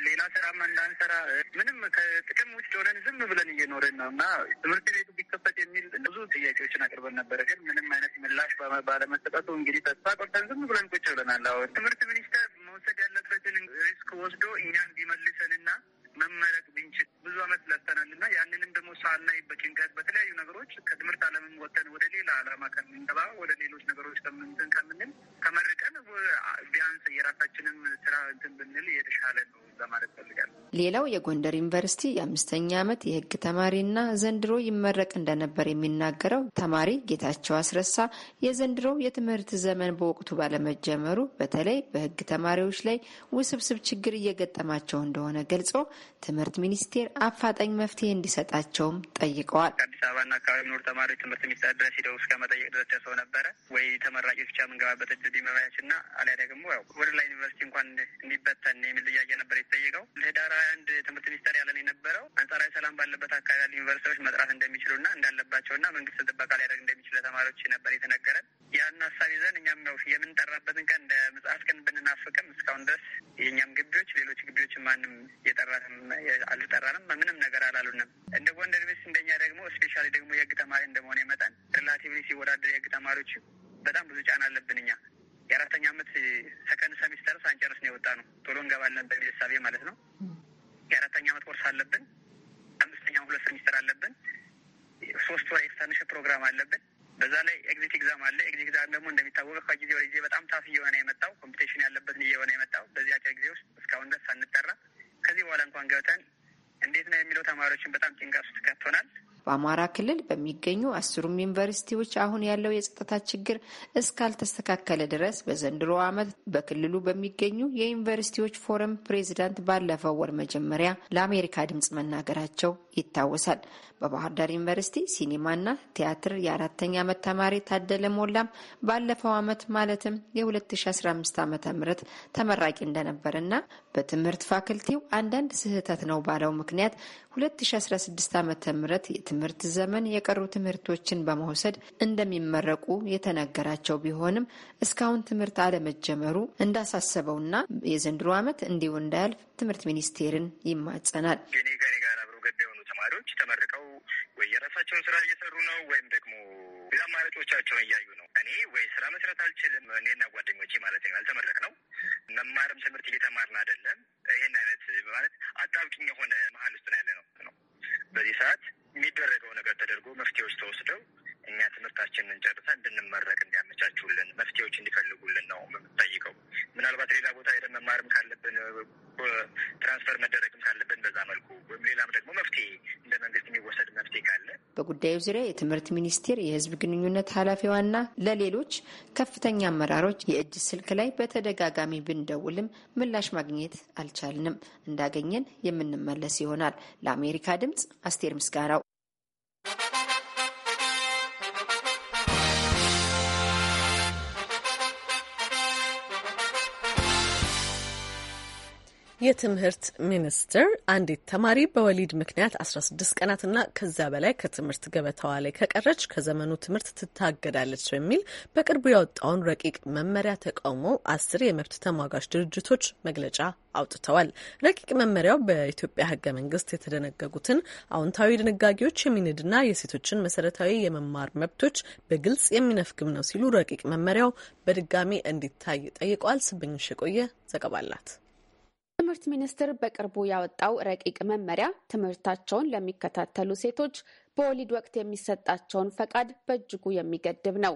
ሌላ ስራም እንዳንሰራ ምንም ከጥቅም ውጭ ሆነን ዝም ብለን እየኖረን ነው እና ትምህርት ቤቱ ቢከፈት የሚል ብዙ ጥያቄዎችን አቅርበን ነበረ፣ ግን ምንም አይነት ምላሽ ባለመሰጠቱ እንግዲህ ተስፋ ቆርጠን ዝም ብለን ቁጭ ብለናል። አሁን ትምህርት ሚኒስቴር መውሰድ ያለበትን ሪስክ ወስዶ እኛን ቢመልሰን መመረቅ ብንችል ብዙ አመት ለፍተናል እና ያንንም ደግሞ ሳናይ በጭንቀት በተለያዩ ነገሮች ከትምህርት አለምም ወተን ወደ ሌላ አላማ ከምንገባ ወደ ሌሎች ነገሮች ከምንትን ከምንል ተመርቀን ቢያንስ የራሳችንም ስራ እንትን ብንል የተሻለ ነው ለማለት ፈልጋለሁ። ሌላው የጎንደር ዩኒቨርሲቲ የአምስተኛ ዓመት የህግ ተማሪና ዘንድሮ ይመረቅ እንደነበር የሚናገረው ተማሪ ጌታቸው አስረሳ የዘንድሮው የትምህርት ዘመን በወቅቱ ባለመጀመሩ በተለይ በህግ ተማሪዎች ላይ ውስብስብ ችግር እየገጠማቸው እንደሆነ ገልጾ። ትምህርት ሚኒስቴር አፋጣኝ መፍትሄ እንዲሰጣቸውም ጠይቀዋል። ከአዲስ አበባና አካባቢ የሚኖሩ ተማሪዎች ትምህርት ሚኒስቴር ድረስ ሂደው እስከ መጠየቅ ድረስ ደርሰው ነበረ ወይ ተመራቂ ብቻ የምንገባበት እድል ቢመባያች ና አሊያ ደግሞ ያው ወደ ላይ ዩኒቨርሲቲ እንኳን እንዲበተን የሚል ጥያቄ ነበር የተጠየቀው። ለህዳር አንድ ትምህርት ሚኒስቴር ያለን የነበረው አንጻራዊ ሰላም ባለበት አካባቢ ያሉ ዩኒቨርሲቲዎች መጥራት እንደሚችሉ ና እንዳለባቸው ና መንግስት ጥበቃ ሊያደርግ እንደሚችል ለተማሪዎች ነበር የተነገረን። ያን ሀሳብ ይዘን እኛም ያው የምንጠራበትን ቀን እንደ መጽሐፍ ቀን ብንናፍቅም እስካሁን ድረስ የእኛም ግቢዎች ሌሎች ግቢዎች ማንም የጠራትም አልጠራንም፣ ምንም ነገር አላሉንም። እንደ ጎንደር ቤስ እንደኛ ደግሞ ስፔሻሊ ደግሞ የህግ ተማሪ እንደመሆነ መጠን ሪላቲቭሊ ሲወዳደር የህግ ተማሪዎች በጣም ብዙ ጫና አለብን እኛ የአራተኛ አመት ሰከንድ ሰሚስተር ሳንጨርስ ነው የወጣ ነው። ቶሎ እንገባለን በሚል ሳቤ ማለት ነው። የአራተኛ አመት ኮርስ አለብን። አምስተኛ ሁለት ሰሚስተር አለብን። ሶስት ወር ኤክስተርንሽፕ ፕሮግራም አለብን። በዛ ላይ ኤግዚት ኤግዛም አለ። ኤግዚት ኤግዛም ደግሞ እንደሚታወቀው ከጊዜ ወደ ጊዜ በጣም ታፍ እየሆነ የመጣው ኮምፒቴሽን ያለበትን እየሆነ የመጣው በዚህ አጭር ጊዜ ውስጥ እስካሁን ድረስ አንጠራ ከዚህ በኋላ እንኳን ገብተን እንዴት ነው የሚለው ተማሪዎችን በጣም ጭንቀት ውስጥ ከቶናል። በአማራ ክልል በሚገኙ አስሩም ዩኒቨርሲቲዎች አሁን ያለው የጸጥታ ችግር እስካልተስተካከለ ድረስ በዘንድሮ ዓመት በክልሉ በሚገኙ የዩኒቨርሲቲዎች ፎረም ፕሬዚዳንት ባለፈው ወር መጀመሪያ ለአሜሪካ ድምጽ መናገራቸው ይታወሳል። በባህር ዳር ዩኒቨርሲቲ ሲኒማና ቲያትር የአራተኛ ዓመት ተማሪ ታደለ ሞላም ባለፈው ዓመት ማለትም የ2015 ዓ ም ተመራቂ እንደነበረና በትምህርት ፋክልቲው አንዳንድ ስህተት ነው ባለው ምክንያት 2016 ዓ ም የትምህርት ዘመን የቀሩ ትምህርቶችን በመውሰድ እንደሚመረቁ የተነገራቸው ቢሆንም እስካሁን ትምህርት አለመጀመሩ እንዳሳሰበውና የዘንድሮ ዓመት እንዲሁ እንዳያልፍ ትምህርት ሚኒስቴርን ይማጸናል። ተማሪዎች ተመርቀው ወይ የራሳቸውን ስራ እየሰሩ ነው ወይም ደግሞ አማራጮቻቸውን እያዩ ነው። እኔ ወይ ስራ መስራት አልችልም፣ እኔና ጓደኞቼ ማለት ነው። አልተመረቅ ነው መማርም ትምህርት እየተማርን አይደለም። ይህን አይነት ማለት አጣብቂኝ የሆነ መሀል ውስጥ ያለ ነው ነው በዚህ ሰዓት የሚደረገው ነገር ተደርጎ መፍትሄዎች ተወስደው እኛ ትምህርታችንን ጨርሰን እንድንመረቅ እንዲያመቻቹልን መፍትሄዎች እንዲፈልጉልን ነው የምንጠይቀው። ምናልባት ሌላ ቦታ ሄደን መማርም ካለብን ትራንስፈር መደረግም ካለብን በዛ መልኩ ወይም ሌላም ደግሞ መፍትሄ መንግስት የሚወሰድ መፍትሄ ካለ በጉዳዩ ዙሪያ የትምህርት ሚኒስቴር የህዝብ ግንኙነት ኃላፊዋና ለሌሎች ከፍተኛ አመራሮች የእጅ ስልክ ላይ በተደጋጋሚ ብንደውልም ምላሽ ማግኘት አልቻልንም። እንዳገኘን የምንመለስ ይሆናል። ለአሜሪካ ድምጽ አስቴር ምስጋናው የትምህርት ሚኒስትር አንዲት ተማሪ በወሊድ ምክንያት 16 ቀናትና ከዛ በላይ ከትምህርት ገበታዋ ላይ ከቀረች ከዘመኑ ትምህርት ትታገዳለች በሚል በቅርቡ ያወጣውን ረቂቅ መመሪያ ተቃውሞ አስር የመብት ተሟጋች ድርጅቶች መግለጫ አውጥተዋል። ረቂቅ መመሪያው በኢትዮጵያ ህገ መንግስት የተደነገጉትን አዎንታዊ ድንጋጌዎች የሚንድና የሴቶችን መሰረታዊ የመማር መብቶች በግልጽ የሚነፍግም ነው ሲሉ ረቂቅ መመሪያው በድጋሚ እንዲታይ ጠይቋል። ስብኝሽ የቆየ ዘገባ አላት። ትምህርት ሚኒስቴር በቅርቡ ያወጣው ረቂቅ መመሪያ ትምህርታቸውን ለሚከታተሉ ሴቶች በወሊድ ወቅት የሚሰጣቸውን ፈቃድ በእጅጉ የሚገድብ ነው።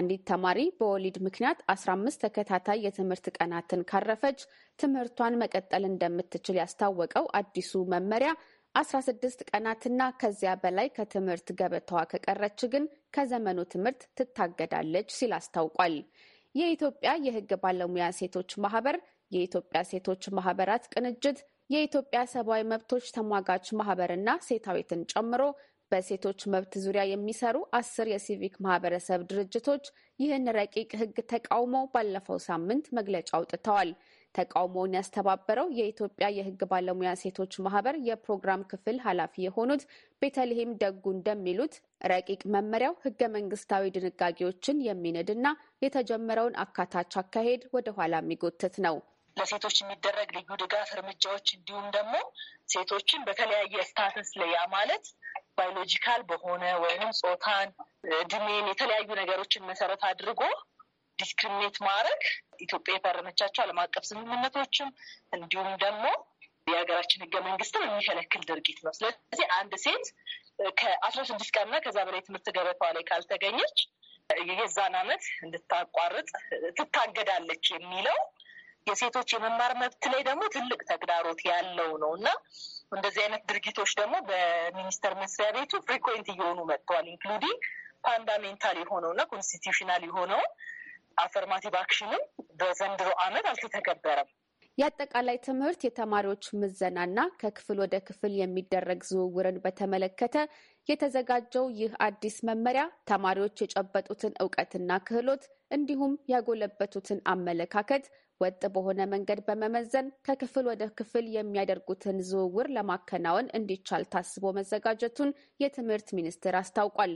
አንዲት ተማሪ በወሊድ ምክንያት 15 ተከታታይ የትምህርት ቀናትን ካረፈች ትምህርቷን መቀጠል እንደምትችል ያስታወቀው አዲሱ መመሪያ 16 ቀናትና ከዚያ በላይ ከትምህርት ገበታዋ ከቀረች ግን ከዘመኑ ትምህርት ትታገዳለች ሲል አስታውቋል። የኢትዮጵያ የሕግ ባለሙያ ሴቶች ማህበር የኢትዮጵያ ሴቶች ማህበራት ቅንጅት የኢትዮጵያ ሰብአዊ መብቶች ተሟጋች ማህበርና ሴታዊትን ጨምሮ በሴቶች መብት ዙሪያ የሚሰሩ አስር የሲቪክ ማህበረሰብ ድርጅቶች ይህን ረቂቅ ሕግ ተቃውመው ባለፈው ሳምንት መግለጫ አውጥተዋል። ተቃውሞውን ያስተባበረው የኢትዮጵያ የሕግ ባለሙያ ሴቶች ማህበር የፕሮግራም ክፍል ኃላፊ የሆኑት ቤተልሔም ደጉ እንደሚሉት ረቂቅ መመሪያው ሕገ መንግስታዊ ድንጋጌዎችን የሚንድና የተጀመረውን አካታች አካሄድ ወደኋላ የሚጎትት ነው። ለሴቶች የሚደረግ ልዩ ድጋፍ እርምጃዎች እንዲሁም ደግሞ ሴቶችን በተለያየ ስታተስ ለያ ማለት ባዮሎጂካል በሆነ ወይም ጾታን፣ እድሜን የተለያዩ ነገሮችን መሰረት አድርጎ ዲስክሪሚኔት ማድረግ ኢትዮጵያ የፈረመቻቸው ዓለም አቀፍ ስምምነቶችም እንዲሁም ደግሞ የሀገራችን ህገ መንግስትም የሚከለክል ድርጊት ነው። ስለዚህ አንድ ሴት ከአስራ ስድስት ቀንና ከዛ በላይ ትምህርት ገበታዋ ላይ ካልተገኘች የዛን ዓመት እንድታቋርጥ ትታገዳለች የሚለው የሴቶች የመማር መብት ላይ ደግሞ ትልቅ ተግዳሮት ያለው ነው እና እንደዚህ አይነት ድርጊቶች ደግሞ በሚኒስቴር መስሪያ ቤቱ ፍሪኮንት እየሆኑ መጥተዋል። ኢንክሉዲንግ ፋንዳሜንታል የሆነውና ኮንስቲቱሽናል የሆነው አፈርማቲቭ አክሽንም በዘንድሮ ዓመት አልተተገበረም። የአጠቃላይ ትምህርት የተማሪዎች ምዘናና ከክፍል ወደ ክፍል የሚደረግ ዝውውርን በተመለከተ የተዘጋጀው ይህ አዲስ መመሪያ ተማሪዎች የጨበጡትን እውቀትና ክህሎት እንዲሁም ያጎለበቱትን አመለካከት ወጥ በሆነ መንገድ በመመዘን ከክፍል ወደ ክፍል የሚያደርጉትን ዝውውር ለማከናወን እንዲቻል ታስቦ መዘጋጀቱን የትምህርት ሚኒስቴር አስታውቋል።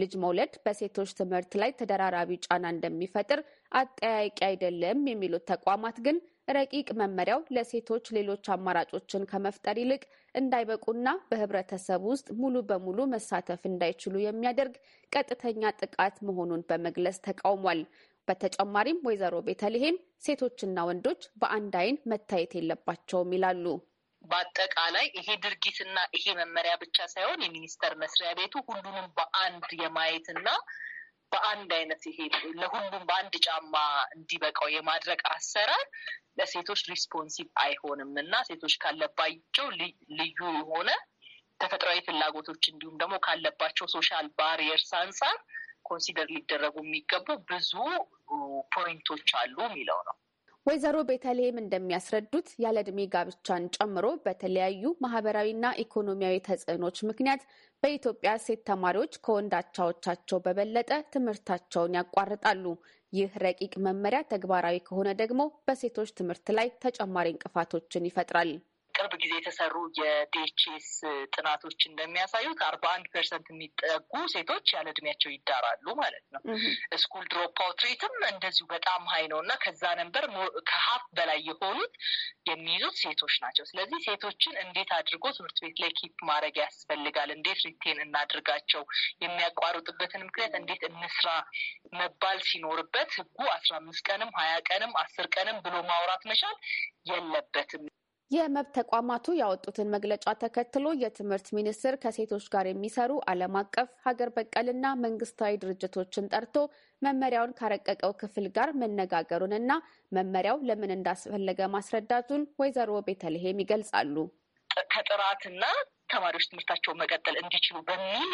ልጅ መውለድ በሴቶች ትምህርት ላይ ተደራራቢ ጫና እንደሚፈጥር አጠያቂ አይደለም የሚሉት ተቋማት ግን ረቂቅ መመሪያው ለሴቶች ሌሎች አማራጮችን ከመፍጠር ይልቅ እንዳይበቁና በህብረተሰብ ውስጥ ሙሉ በሙሉ መሳተፍ እንዳይችሉ የሚያደርግ ቀጥተኛ ጥቃት መሆኑን በመግለጽ ተቃውሟል። በተጨማሪም ወይዘሮ ቤተልሔም ሴቶችና ወንዶች በአንድ አይን መታየት የለባቸውም ይላሉ። በአጠቃላይ ይሄ ድርጊትና ይሄ መመሪያ ብቻ ሳይሆን የሚኒስቴር መስሪያ ቤቱ ሁሉንም በአንድ የማየትና በአንድ አይነት ይሄ ለሁሉም በአንድ ጫማ እንዲበቃው የማድረግ አሰራር ለሴቶች ሪስፖንሲቭ አይሆንም እና ሴቶች ካለባቸው ልዩ የሆነ ተፈጥሯዊ ፍላጎቶች እንዲሁም ደግሞ ካለባቸው ሶሻል ባሪየርስ አንጻር ኮንሲደር ሊደረጉ የሚገቡ ብዙ ፖይንቶች አሉ የሚለው ነው። ወይዘሮ ቤተልሔም እንደሚያስረዱት ያለ ዕድሜ ጋብቻን ጨምሮ በተለያዩ ማህበራዊና ኢኮኖሚያዊ ተጽዕኖች ምክንያት በኢትዮጵያ ሴት ተማሪዎች ከወንዳቻዎቻቸው በበለጠ ትምህርታቸውን ያቋርጣሉ። ይህ ረቂቅ መመሪያ ተግባራዊ ከሆነ ደግሞ በሴቶች ትምህርት ላይ ተጨማሪ እንቅፋቶችን ይፈጥራል። ቅርብ ጊዜ የተሰሩ የዲኤችኤስ ጥናቶች እንደሚያሳዩት አርባ አንድ ፐርሰንት የሚጠጉ ሴቶች ያለ እድሜያቸው ይዳራሉ ማለት ነው። ስኩል ድሮፕ አውት ሬትም እንደዚሁ በጣም ሀይ ነው እና ከዛ ነንበር ከሀፍ በላይ የሆኑት የሚይዙት ሴቶች ናቸው። ስለዚህ ሴቶችን እንዴት አድርጎ ትምህርት ቤት ላይ ኪፕ ማድረግ ያስፈልጋል፣ እንዴት ሪቴን እናድርጋቸው፣ የሚያቋርጡበትን ምክንያት እንዴት እንስራ መባል ሲኖርበት ህጉ አስራ አምስት ቀንም ሀያ ቀንም አስር ቀንም ብሎ ማውራት መቻል የለበትም። የመብት ተቋማቱ ያወጡትን መግለጫ ተከትሎ የትምህርት ሚኒስቴር ከሴቶች ጋር የሚሰሩ ዓለም አቀፍ ሀገር በቀልና መንግስታዊ ድርጅቶችን ጠርቶ መመሪያውን ካረቀቀው ክፍል ጋር መነጋገሩንና መመሪያው ለምን እንዳስፈለገ ማስረዳቱን ወይዘሮ ቤተልሔም ይገልጻሉ። ከጥራትና ተማሪዎች ትምህርታቸውን መቀጠል እንዲችሉ በሚል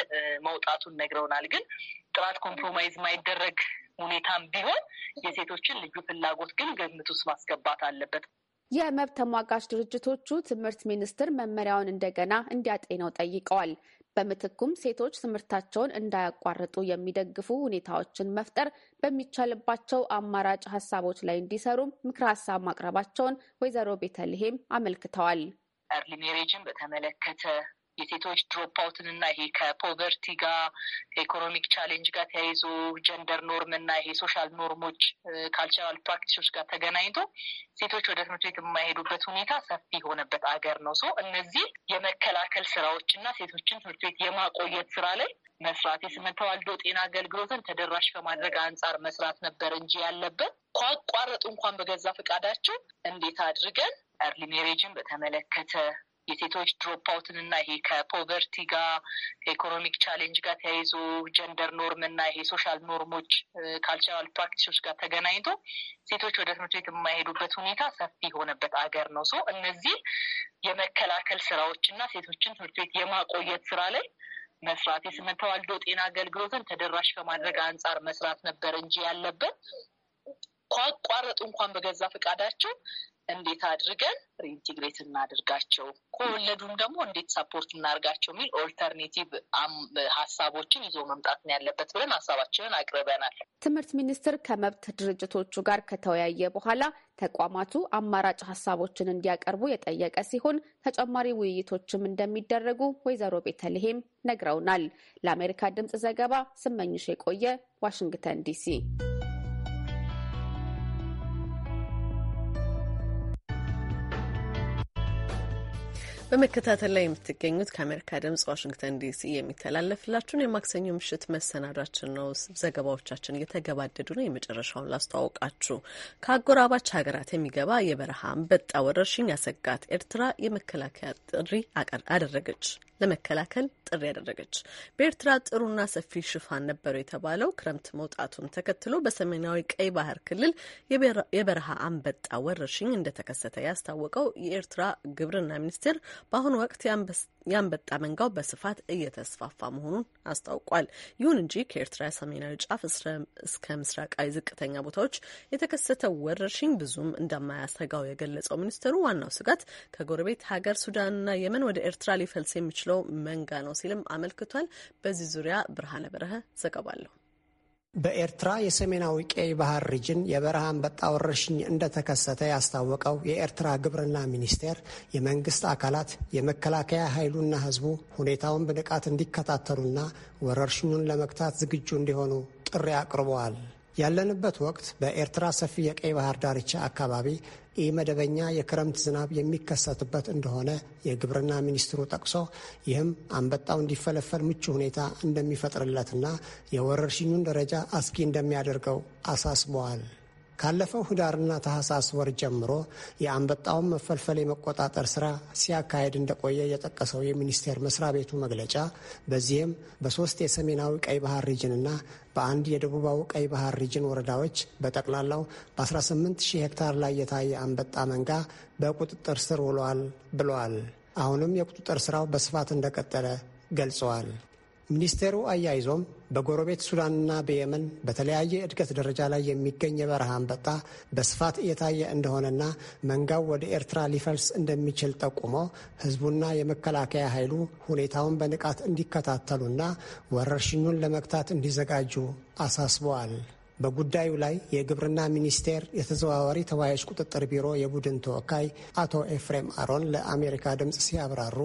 መውጣቱን ነግረውናል። ግን ጥራት ኮምፕሮማይዝ ማይደረግ ሁኔታም ቢሆን የሴቶችን ልዩ ፍላጎት ግን ግምት ውስጥ ማስገባት አለበት የመብት ተሟጋች ድርጅቶቹ ትምህርት ሚኒስቴር መመሪያውን እንደገና እንዲያጤነው ጠይቀዋል። በምትኩም ሴቶች ትምህርታቸውን እንዳያቋርጡ የሚደግፉ ሁኔታዎችን መፍጠር በሚቻልባቸው አማራጭ ሀሳቦች ላይ እንዲሰሩም ምክረ ሀሳብ ማቅረባቸውን ወይዘሮ ቤተልሔም አመልክተዋል። ኤርሊ ሜሬጅን በተመለከተ የሴቶች ድሮፕ አውትንና ይሄ ከፖቨርቲ ጋር ከኢኮኖሚክ ቻሌንጅ ጋር ተያይዞ ጀንደር ኖርም እና ይሄ ሶሻል ኖርሞች ካልቸራል ፕራክቲሶች ጋር ተገናኝቶ ሴቶች ወደ ትምህርት ቤት የማይሄዱበት ሁኔታ ሰፊ የሆነበት አገር ነው። ሰው እነዚህ የመከላከል ስራዎች እና ሴቶችን ትምህርት ቤት የማቆየት ስራ ላይ መስራት የስነ ተዋልዶ ጤና አገልግሎትን ተደራሽ ከማድረግ አንጻር መስራት ነበር እንጂ ያለበት ካቋረጡ እንኳን በገዛ ፈቃዳቸው እንዴት አድርገን ኤርሊ ሜሬጅን በተመለከተ የሴቶች ድሮፕ አውትን እና ይሄ ከፖቨርቲ ጋር ከኢኮኖሚክ ቻሌንጅ ጋር ተያይዞ ጀንደር ኖርም እና ይሄ ሶሻል ኖርሞች ካልቸራል ፕራክቲሶች ጋር ተገናኝቶ ሴቶች ወደ ትምህርት ቤት የማይሄዱበት ሁኔታ ሰፊ የሆነበት አገር ነው። ሶ እነዚህ የመከላከል ስራዎች እና ሴቶችን ትምህርት ቤት የማቆየት ስራ ላይ መስራት የስነ ተዋልዶ ጤና አገልግሎትን ተደራሽ ከማድረግ አንጻር መስራት ነበር እንጂ ያለበት ካቋረጡ እንኳን በገዛ ፈቃዳቸው እንዴት አድርገን ሪኢንቲግሬት እናድርጋቸው፣ ከወለዱም ደግሞ እንዴት ሰፖርት እናድርጋቸው የሚል ኦልተርኔቲቭ ሀሳቦችን ይዞ መምጣት ነው ያለበት ብለን ሀሳባችንን አቅርበናል። ትምህርት ሚኒስቴር ከመብት ድርጅቶቹ ጋር ከተወያየ በኋላ ተቋማቱ አማራጭ ሀሳቦችን እንዲያቀርቡ የጠየቀ ሲሆን ተጨማሪ ውይይቶችም እንደሚደረጉ ወይዘሮ ቤተልሔም ነግረውናል። ለአሜሪካ ድምጽ ዘገባ ስመኝሽ የቆየ ዋሽንግተን ዲሲ በመከታተል ላይ የምትገኙት ከአሜሪካ ድምጽ ዋሽንግተን ዲሲ የሚተላለፍላችሁን የማክሰኞ ምሽት መሰናዷችን ነው። ዘገባዎቻችን እየተገባደዱ ነው። የመጨረሻውን ላስተዋወቃችሁ። ከአጎራባች ሀገራት የሚገባ የበረሃ አንበጣ ወረርሽኝ ያሰጋት ኤርትራ የመከላከያ ጥሪ አደረገች። ለመከላከል ጥሪ ያደረገች። በኤርትራ ጥሩና ሰፊ ሽፋን ነበረው የተባለው ክረምት መውጣቱን ተከትሎ በሰሜናዊ ቀይ ባህር ክልል የበረሃ አንበጣ ወረርሽኝ እንደተከሰተ ያስታወቀው የኤርትራ ግብርና ሚኒስቴር በአሁኑ ወቅት የአንበጣ መንጋው በስፋት እየተስፋፋ መሆኑን አስታውቋል። ይሁን እንጂ ከኤርትራ ሰሜናዊ ጫፍ እስከ ምስራቃዊ ዝቅተኛ ቦታዎች የተከሰተው ወረርሽኝ ብዙም እንደማያሰጋው የገለጸው ሚኒስትሩ ዋናው ስጋት ከጎረቤት ሀገር ሱዳንና የመን ወደ ኤርትራ ሊፈልስ የሚችለው መንጋ ነው ሲልም አመልክቷል። በዚህ ዙሪያ ብርሃነ በረሀ ዘገባለሁ። በኤርትራ የሰሜናዊ ቀይ ባህር ሪጅን የበረሃ አንበጣ ወረርሽኝ እንደተከሰተ ያስታወቀው የኤርትራ ግብርና ሚኒስቴር የመንግስት አካላት የመከላከያ ኃይሉና ህዝቡ ሁኔታውን በንቃት እንዲከታተሉና ወረርሽኙን ለመግታት ዝግጁ እንዲሆኑ ጥሪ አቅርበዋል። ያለንበት ወቅት በኤርትራ ሰፊ የቀይ ባህር ዳርቻ አካባቢ መደበኛ የክረምት ዝናብ የሚከሰትበት እንደሆነ የግብርና ሚኒስትሩ ጠቅሶ ይህም አንበጣው እንዲፈለፈል ምቹ ሁኔታ እንደሚፈጥርለትና የወረርሽኙን ደረጃ አስጊ እንደሚያደርገው አሳስበዋል። ካለፈው ህዳርና ታህሳስ ወር ጀምሮ የአንበጣውን መፈልፈል የመቆጣጠር ስራ ሲያካሄድ እንደቆየ የጠቀሰው የሚኒስቴር መስሪያ ቤቱ መግለጫ በዚህም በሶስት የሰሜናዊ ቀይ ባህር ሪጅንና በአንድ የደቡባዊ ቀይ ባህር ሪጅን ወረዳዎች በጠቅላላው በ18 ሺህ ሄክታር ላይ የታየ አንበጣ መንጋ በቁጥጥር ስር ውሏል ብለዋል። አሁንም የቁጥጥር ስራው በስፋት እንደቀጠለ ገልጸዋል። ሚኒስቴሩ አያይዞም በጎረቤት ሱዳንና በየመን በተለያየ እድገት ደረጃ ላይ የሚገኝ የበረሃ አንበጣ በስፋት እየታየ እንደሆነና መንጋው ወደ ኤርትራ ሊፈልስ እንደሚችል ጠቁሞ ሕዝቡና የመከላከያ ኃይሉ ሁኔታውን በንቃት እንዲከታተሉና ወረርሽኙን ለመግታት እንዲዘጋጁ አሳስበዋል። በጉዳዩ ላይ የግብርና ሚኒስቴር የተዘዋዋሪ ተወያዮች ቁጥጥር ቢሮ የቡድን ተወካይ አቶ ኤፍሬም አሮን ለአሜሪካ ድምፅ ሲያብራሩ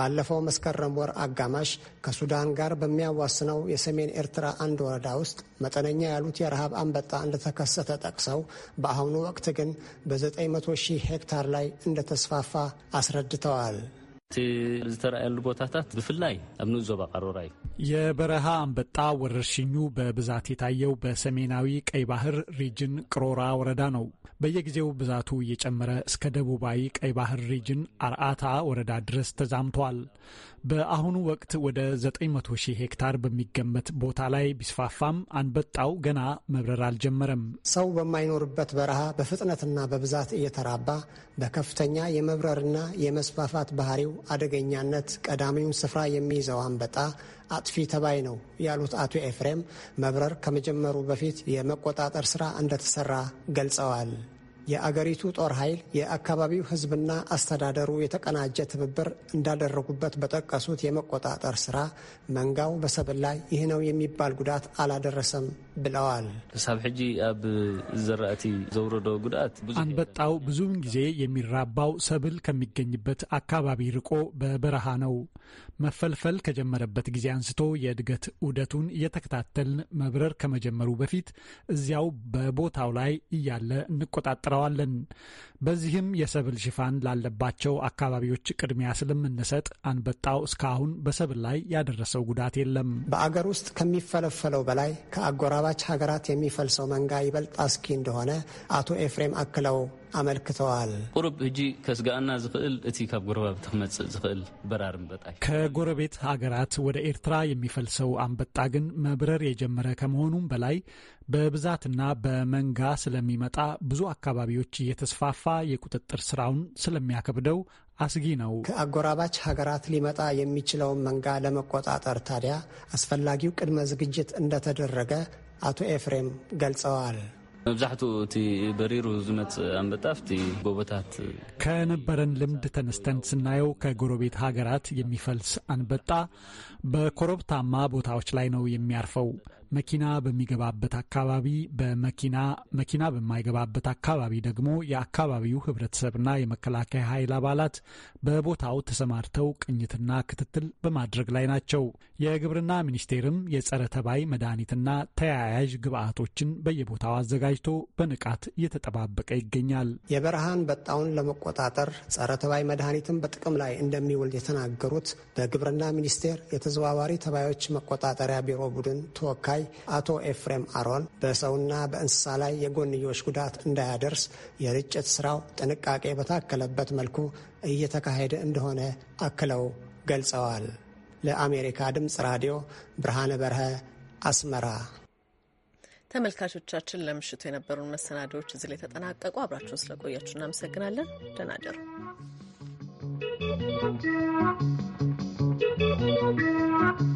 ባለፈው መስከረም ወር አጋማሽ ከሱዳን ጋር በሚያዋስነው የሰሜን ኤርትራ አንድ ወረዳ ውስጥ መጠነኛ ያሉት የረሃብ አንበጣ እንደተከሰተ ጠቅሰው በአሁኑ ወቅት ግን በ900 ሺህ ሄክታር ላይ እንደተስፋፋ አስረድተዋል። ዝተረኣየሉ ቦታታት ብፍላይ ኣብ ንዞባ ቀሮራ እዩ የበረሃ አንበጣ ወረርሽኙ በብዛት የታየው በሰሜናዊ ቀይ ባህር ሪጅን ቅሮራ ወረዳ ነው። በየጊዜው ብዛቱ እየጨመረ እስከ ደቡባዊ ቀይ ባህር ሪጅን አርአታ ወረዳ ድረስ ተዛምተዋል። በአሁኑ ወቅት ወደ 900 ሺህ ሄክታር በሚገመት ቦታ ላይ ቢስፋፋም አንበጣው ገና መብረር አልጀመረም። ሰው በማይኖርበት በረሃ በፍጥነትና በብዛት እየተራባ በከፍተኛ የመብረርና የመስፋፋት ባህሪው አደገኛነት ቀዳሚውን ስፍራ የሚይዘው አንበጣ አጥፊ ተባይ ነው ያሉት አቶ ኤፍሬም መብረር ከመጀመሩ በፊት የመቆጣጠር ስራ እንደተሰራ ገልጸዋል። የአገሪቱ ጦር ኃይል የአካባቢው ህዝብና አስተዳደሩ የተቀናጀ ትብብር እንዳደረጉበት በጠቀሱት የመቆጣጠር ስራ መንጋው በሰብል ላይ ይህ ነው የሚባል ጉዳት አላደረሰም። ብለዋል። ክሳብ ሕጂ ኣብ ዘራእቲ ዘውረዶ ጉድኣት አንበጣው ብዙውን ጊዜ የሚራባው ሰብል ከሚገኝበት አካባቢ ርቆ በበረሃ ነው። መፈልፈል ከጀመረበት ጊዜ አንስቶ የእድገት ዑደቱን እየተከታተልን መብረር ከመጀመሩ በፊት እዚያው በቦታው ላይ እያለ እንቆጣጠረዋለን። በዚህም የሰብል ሽፋን ላለባቸው አካባቢዎች ቅድሚያ ስለምንሰጥ አንበጣው እስካሁን በሰብል ላይ ያደረሰው ጉዳት የለም። በአገር ውስጥ ከሚፈለፈለው በላይ ከአጎራባች ሀገራት የሚፈልሰው መንጋ ይበልጥ አስኪ እንደሆነ አቶ ኤፍሬም አክለው አመልክተዋል። ቁርብ ሕጂ ከስጋአና ዝኽእል እቲ ካብ ጎረባብቲ ክመጽእ ዝኽእል በራር አንበጣ ከጎረቤት አገራት ወደ ኤርትራ የሚፈልሰው አንበጣ ግን መብረር የጀመረ ከመሆኑም በላይ በብዛትና በመንጋ ስለሚመጣ ብዙ አካባቢዎች እየተስፋፋ የቁጥጥር ስራውን ስለሚያከብደው አስጊ ነው። ከአጎራባች ሀገራት ሊመጣ የሚችለውን መንጋ ለመቆጣጠር ታዲያ አስፈላጊው ቅድመ ዝግጅት እንደተደረገ አቶ ኤፍሬም ገልጸዋል። መብዛሕትኡ እቲ በሪሩ ኣንበጣ ኣንበጣፍቲ ጎቦታት ከነበረን ልምድ ተነስተን ስናየው ከጎረቤት ሀገራት የሚፈልስ አንበጣ በኮረብታማ ቦታዎች ላይ ነው የሚያርፈው። መኪና በሚገባበት አካባቢ በመኪና መኪና በማይገባበት አካባቢ ደግሞ የአካባቢው ህብረተሰብና የመከላከያ ኃይል አባላት በቦታው ተሰማርተው ቅኝትና ክትትል በማድረግ ላይ ናቸው። የግብርና ሚኒስቴርም የጸረ ተባይ መድኃኒትና ተያያዥ ግብአቶችን በየቦታው አዘጋጅቶ በንቃት እየተጠባበቀ ይገኛል። የበረሃን በጣውን ለመቆጣጠር ጸረ ተባይ መድኃኒትን በጥቅም ላይ እንደሚውል የተናገሩት በግብርና ሚኒስቴር የተዘዋዋሪ ተባዮች መቆጣጠሪያ ቢሮ ቡድን ተወካይ ላይ አቶ ኤፍሬም አሮን በሰውና በእንስሳ ላይ የጎንዮሽ ጉዳት እንዳያደርስ የርጭት ስራው ጥንቃቄ በታከለበት መልኩ እየተካሄደ እንደሆነ አክለው ገልጸዋል። ለአሜሪካ ድምፅ ራዲዮ ብርሃነ በርሀ አስመራ። ተመልካቾቻችን ለምሽቱ የነበሩን መሰናዶዎች እዚህ ላይ ተጠናቀቁ። አብራችሁን ስለቆያችሁ እናመሰግናለን። ደህና እደሩ።